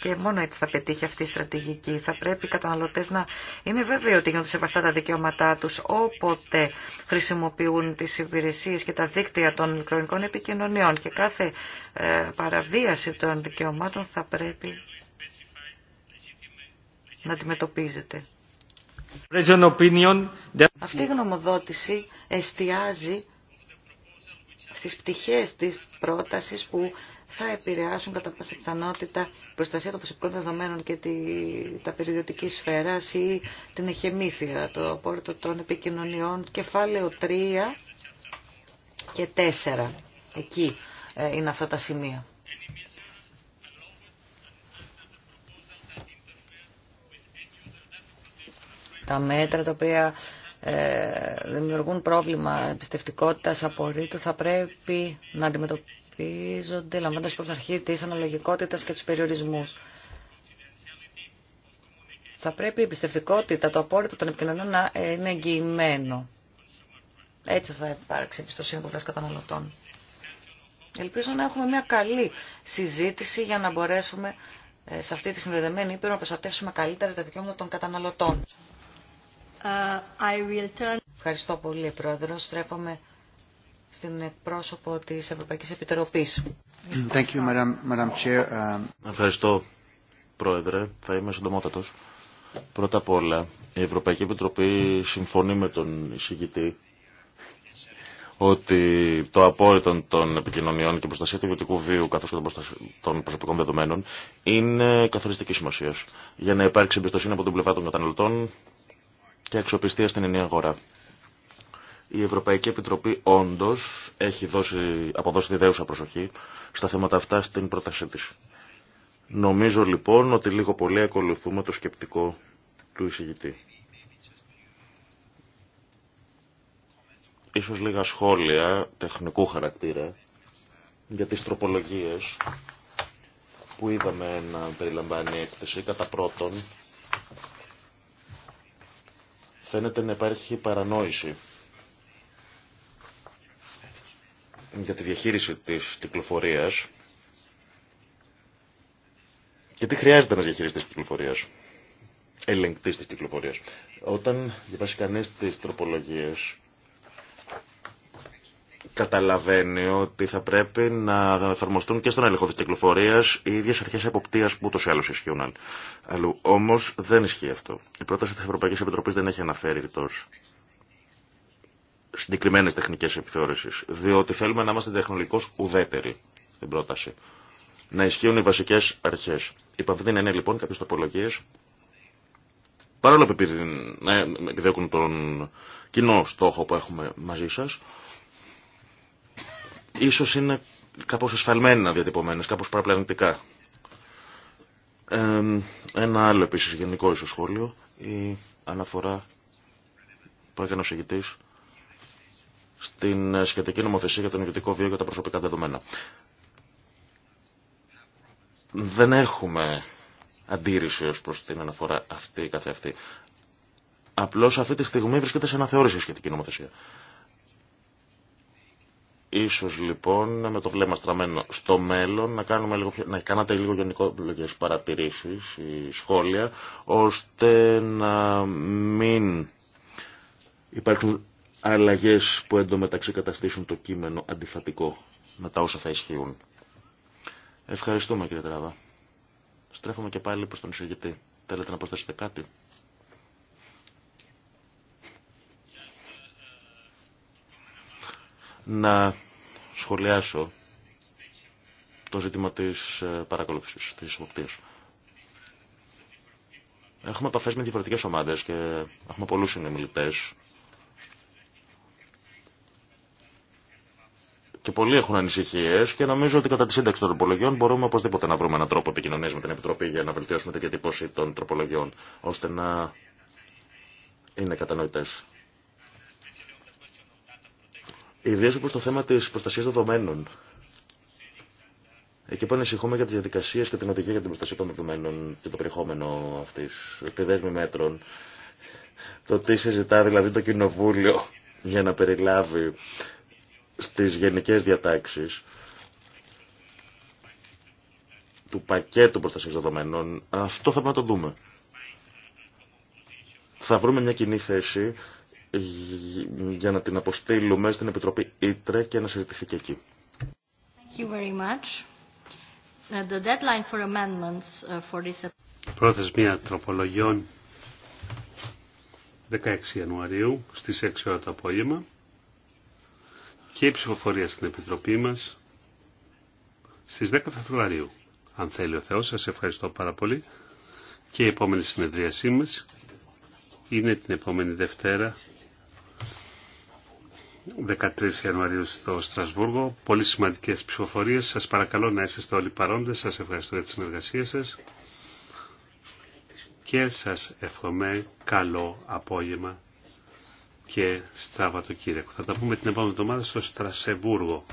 Και μόνο έτσι θα πετύχει αυτή η στρατηγική. Θα πρέπει οι καταναλωτέ να είναι βέβαιοι ότι γίνονται σεβαστά τα δικαιώματά τους όποτε χρησιμοποιούν τις υπηρεσίε και τα δίκτυα των ηλεκτρονικών επικοινωνιών. Και κάθε ε, παραβίαση των δικαιωμάτων θα πρέπει να αντιμετωπίζεται. Αυτή η γνωμοδότηση εστιάζει στις πτυχές της πρότασης που θα επηρεάσουν κατά πάσα πιθανότητα προστασία των προσωπικών δεδομένων και τη, τα περιοδική σφαίρα ή την εχεμήθεια, το απόρριτο των επικοινωνιών, κεφάλαιο 3 και 4. Εκεί ε, είναι αυτά τα σημεία. Τα μέτρα τα οποία ε, δημιουργούν πρόβλημα εμπιστευτικότητας απορρίτου θα πρέπει να αντιμετωπίσουν Ελπίζονται λαμβάνοντας υπόψη αρχή της αναλογικότητας και τους περιορισμούς. Θα πρέπει η εμπιστευτικότητα, το απόρριτο των επικοινωνιών να είναι εγγυημένο. Έτσι θα υπάρξει εμπιστοσύνη από πλευρά καταναλωτών. Ελπίζω να έχουμε μια καλή συζήτηση για να μπορέσουμε ε, σε αυτή τη συνδεδεμένη ήπειρο να προστατεύσουμε καλύτερα τα δικαιώματα των καταναλωτών. Ε, Ευχαριστώ πολύ, Πρόεδρο. Στρέφομαι στην εκπρόσωπο της Ευρωπαϊκής Επιτροπής. Thank you, Madam, Madam Chair. Ευχαριστώ, Πρόεδρε. Θα είμαι συντομότατος. Πρώτα απ' όλα, η Ευρωπαϊκή Επιτροπή συμφωνεί με τον εισηγητή ότι το απόρριτο των επικοινωνιών και προστασία του ιδιωτικού βίου καθώς και των προσωπικών δεδομένων είναι καθοριστική σημασία για να υπάρξει εμπιστοσύνη από την πλευρά των καταναλωτών και αξιοπιστία στην ενιαία αγορά η Ευρωπαϊκή Επιτροπή όντω έχει δώσει, αποδώσει τη προσοχή στα θέματα αυτά στην πρότασή της. Νομίζω λοιπόν ότι λίγο πολύ ακολουθούμε το σκεπτικό του εισηγητή. Ίσως λίγα σχόλια τεχνικού χαρακτήρα για τις τροπολογίες που είδαμε να περιλαμβάνει η έκθεση. Κατά πρώτον, φαίνεται να υπάρχει παρανόηση για τη διαχείριση της κυκλοφορίας και τι χρειάζεται να διαχειριστής της κυκλοφορίας, ελεγκτής της κυκλοφορίας. Όταν διαβάσει κανεί τι τροπολογίε, καταλαβαίνει ότι θα πρέπει να εφαρμοστούν και στον έλεγχο τη κυκλοφορία οι ίδιε αρχέ εποπτεία που ούτω ή άλλω ισχύουν. Αλλού όμω δεν ισχύει αυτό. Η πρόταση τη Ευρωπαϊκή Επιτροπή δεν έχει αναφέρει ρητό Συγκεκριμένε τεχνικέ επιθεώρησης, διότι θέλουμε να είμαστε τεχνολογικώ ουδέτεροι στην πρόταση. Να ισχύουν οι βασικές αρχές. Υπ' αυτήν είναι λοιπόν κάποιε τοπολογίε, παρόλο που επιδιώκουν τον κοινό στόχο που έχουμε μαζί σας, ίσως είναι κάπως εσφαλμένα διατυπωμένε, κάπω παραπλανητικά. ένα άλλο επίση γενικό ίσω σχόλιο, η αναφορά που έκανε ο την σχετική νομοθεσία για τον ιδιωτικό βίο για τα προσωπικά δεδομένα. Δεν έχουμε αντίρρηση ω προς την αναφορά αυτή ή καθεαυτή. Απλώς αυτή τη στιγμή βρίσκεται σε αναθεώρηση η σχετική νομοθεσία. Ίσως λοιπόν με το βλέμμα στραμμένο στο μέλλον να, κάνουμε λίγο, να κάνατε λίγο για παρατηρήσεις ή σχόλια ώστε να μην υπάρχουν αλλαγές που εντωμεταξύ καταστήσουν το κείμενο αντιφατικό με τα όσα θα ισχύουν. Ευχαριστούμε κύριε Τράβα. Στρέφομαι και πάλι προς τον εισηγητή. Θέλετε να προσθέσετε κάτι. Να σχολιάσω το ζήτημα της ε, παρακολούθησης, της εποπτείας. Έχουμε επαφέ με διαφορετικές ομάδες και έχουμε πολλούς συνομιλητές και πολλοί έχουν ανησυχίε και νομίζω ότι κατά τη σύνταξη των τροπολογιών μπορούμε οπωσδήποτε να βρούμε έναν τρόπο επικοινωνία με την Επιτροπή για να βελτιώσουμε την διατύπωση των τροπολογιών, ώστε να είναι κατανοητέ. Ιδίω όπω το θέμα τη προστασία δεδομένων. Εκεί που ανησυχούμε για τι διαδικασίε και την οδηγία για την προστασία των δεδομένων και το περιεχόμενο αυτή, τη δέσμη μέτρων, το τι συζητά δηλαδή το Κοινοβούλιο για να περιλάβει στις γενικές διατάξεις του πακέτου προστασίας δεδομένων, αυτό θα πρέπει να το δούμε. Θα βρούμε μια κοινή θέση για να την αποστείλουμε στην Επιτροπή Ήτρε και να συζητηθεί και εκεί. Uh, uh, Πρόθεσμια τροπολογιών 16 Ιανουαρίου στις 6 ώρα το απόγευμα και η ψηφοφορία στην Επιτροπή μας στις 10 Φεβρουαρίου. Αν θέλει ο Θεός, σας ευχαριστώ πάρα πολύ. Και η επόμενη συνεδρίασή μας είναι την επόμενη Δευτέρα, 13 Ιανουαρίου στο Στρασβούργο. Πολύ σημαντικές ψηφοφορίες. Σας παρακαλώ να είστε όλοι παρόντες. Σας ευχαριστώ για τη συνεργασία σας. Και σας εύχομαι καλό απόγευμα και κύριε. Θα τα πούμε την επόμενη εβδομάδα στο Στρασεβούργο.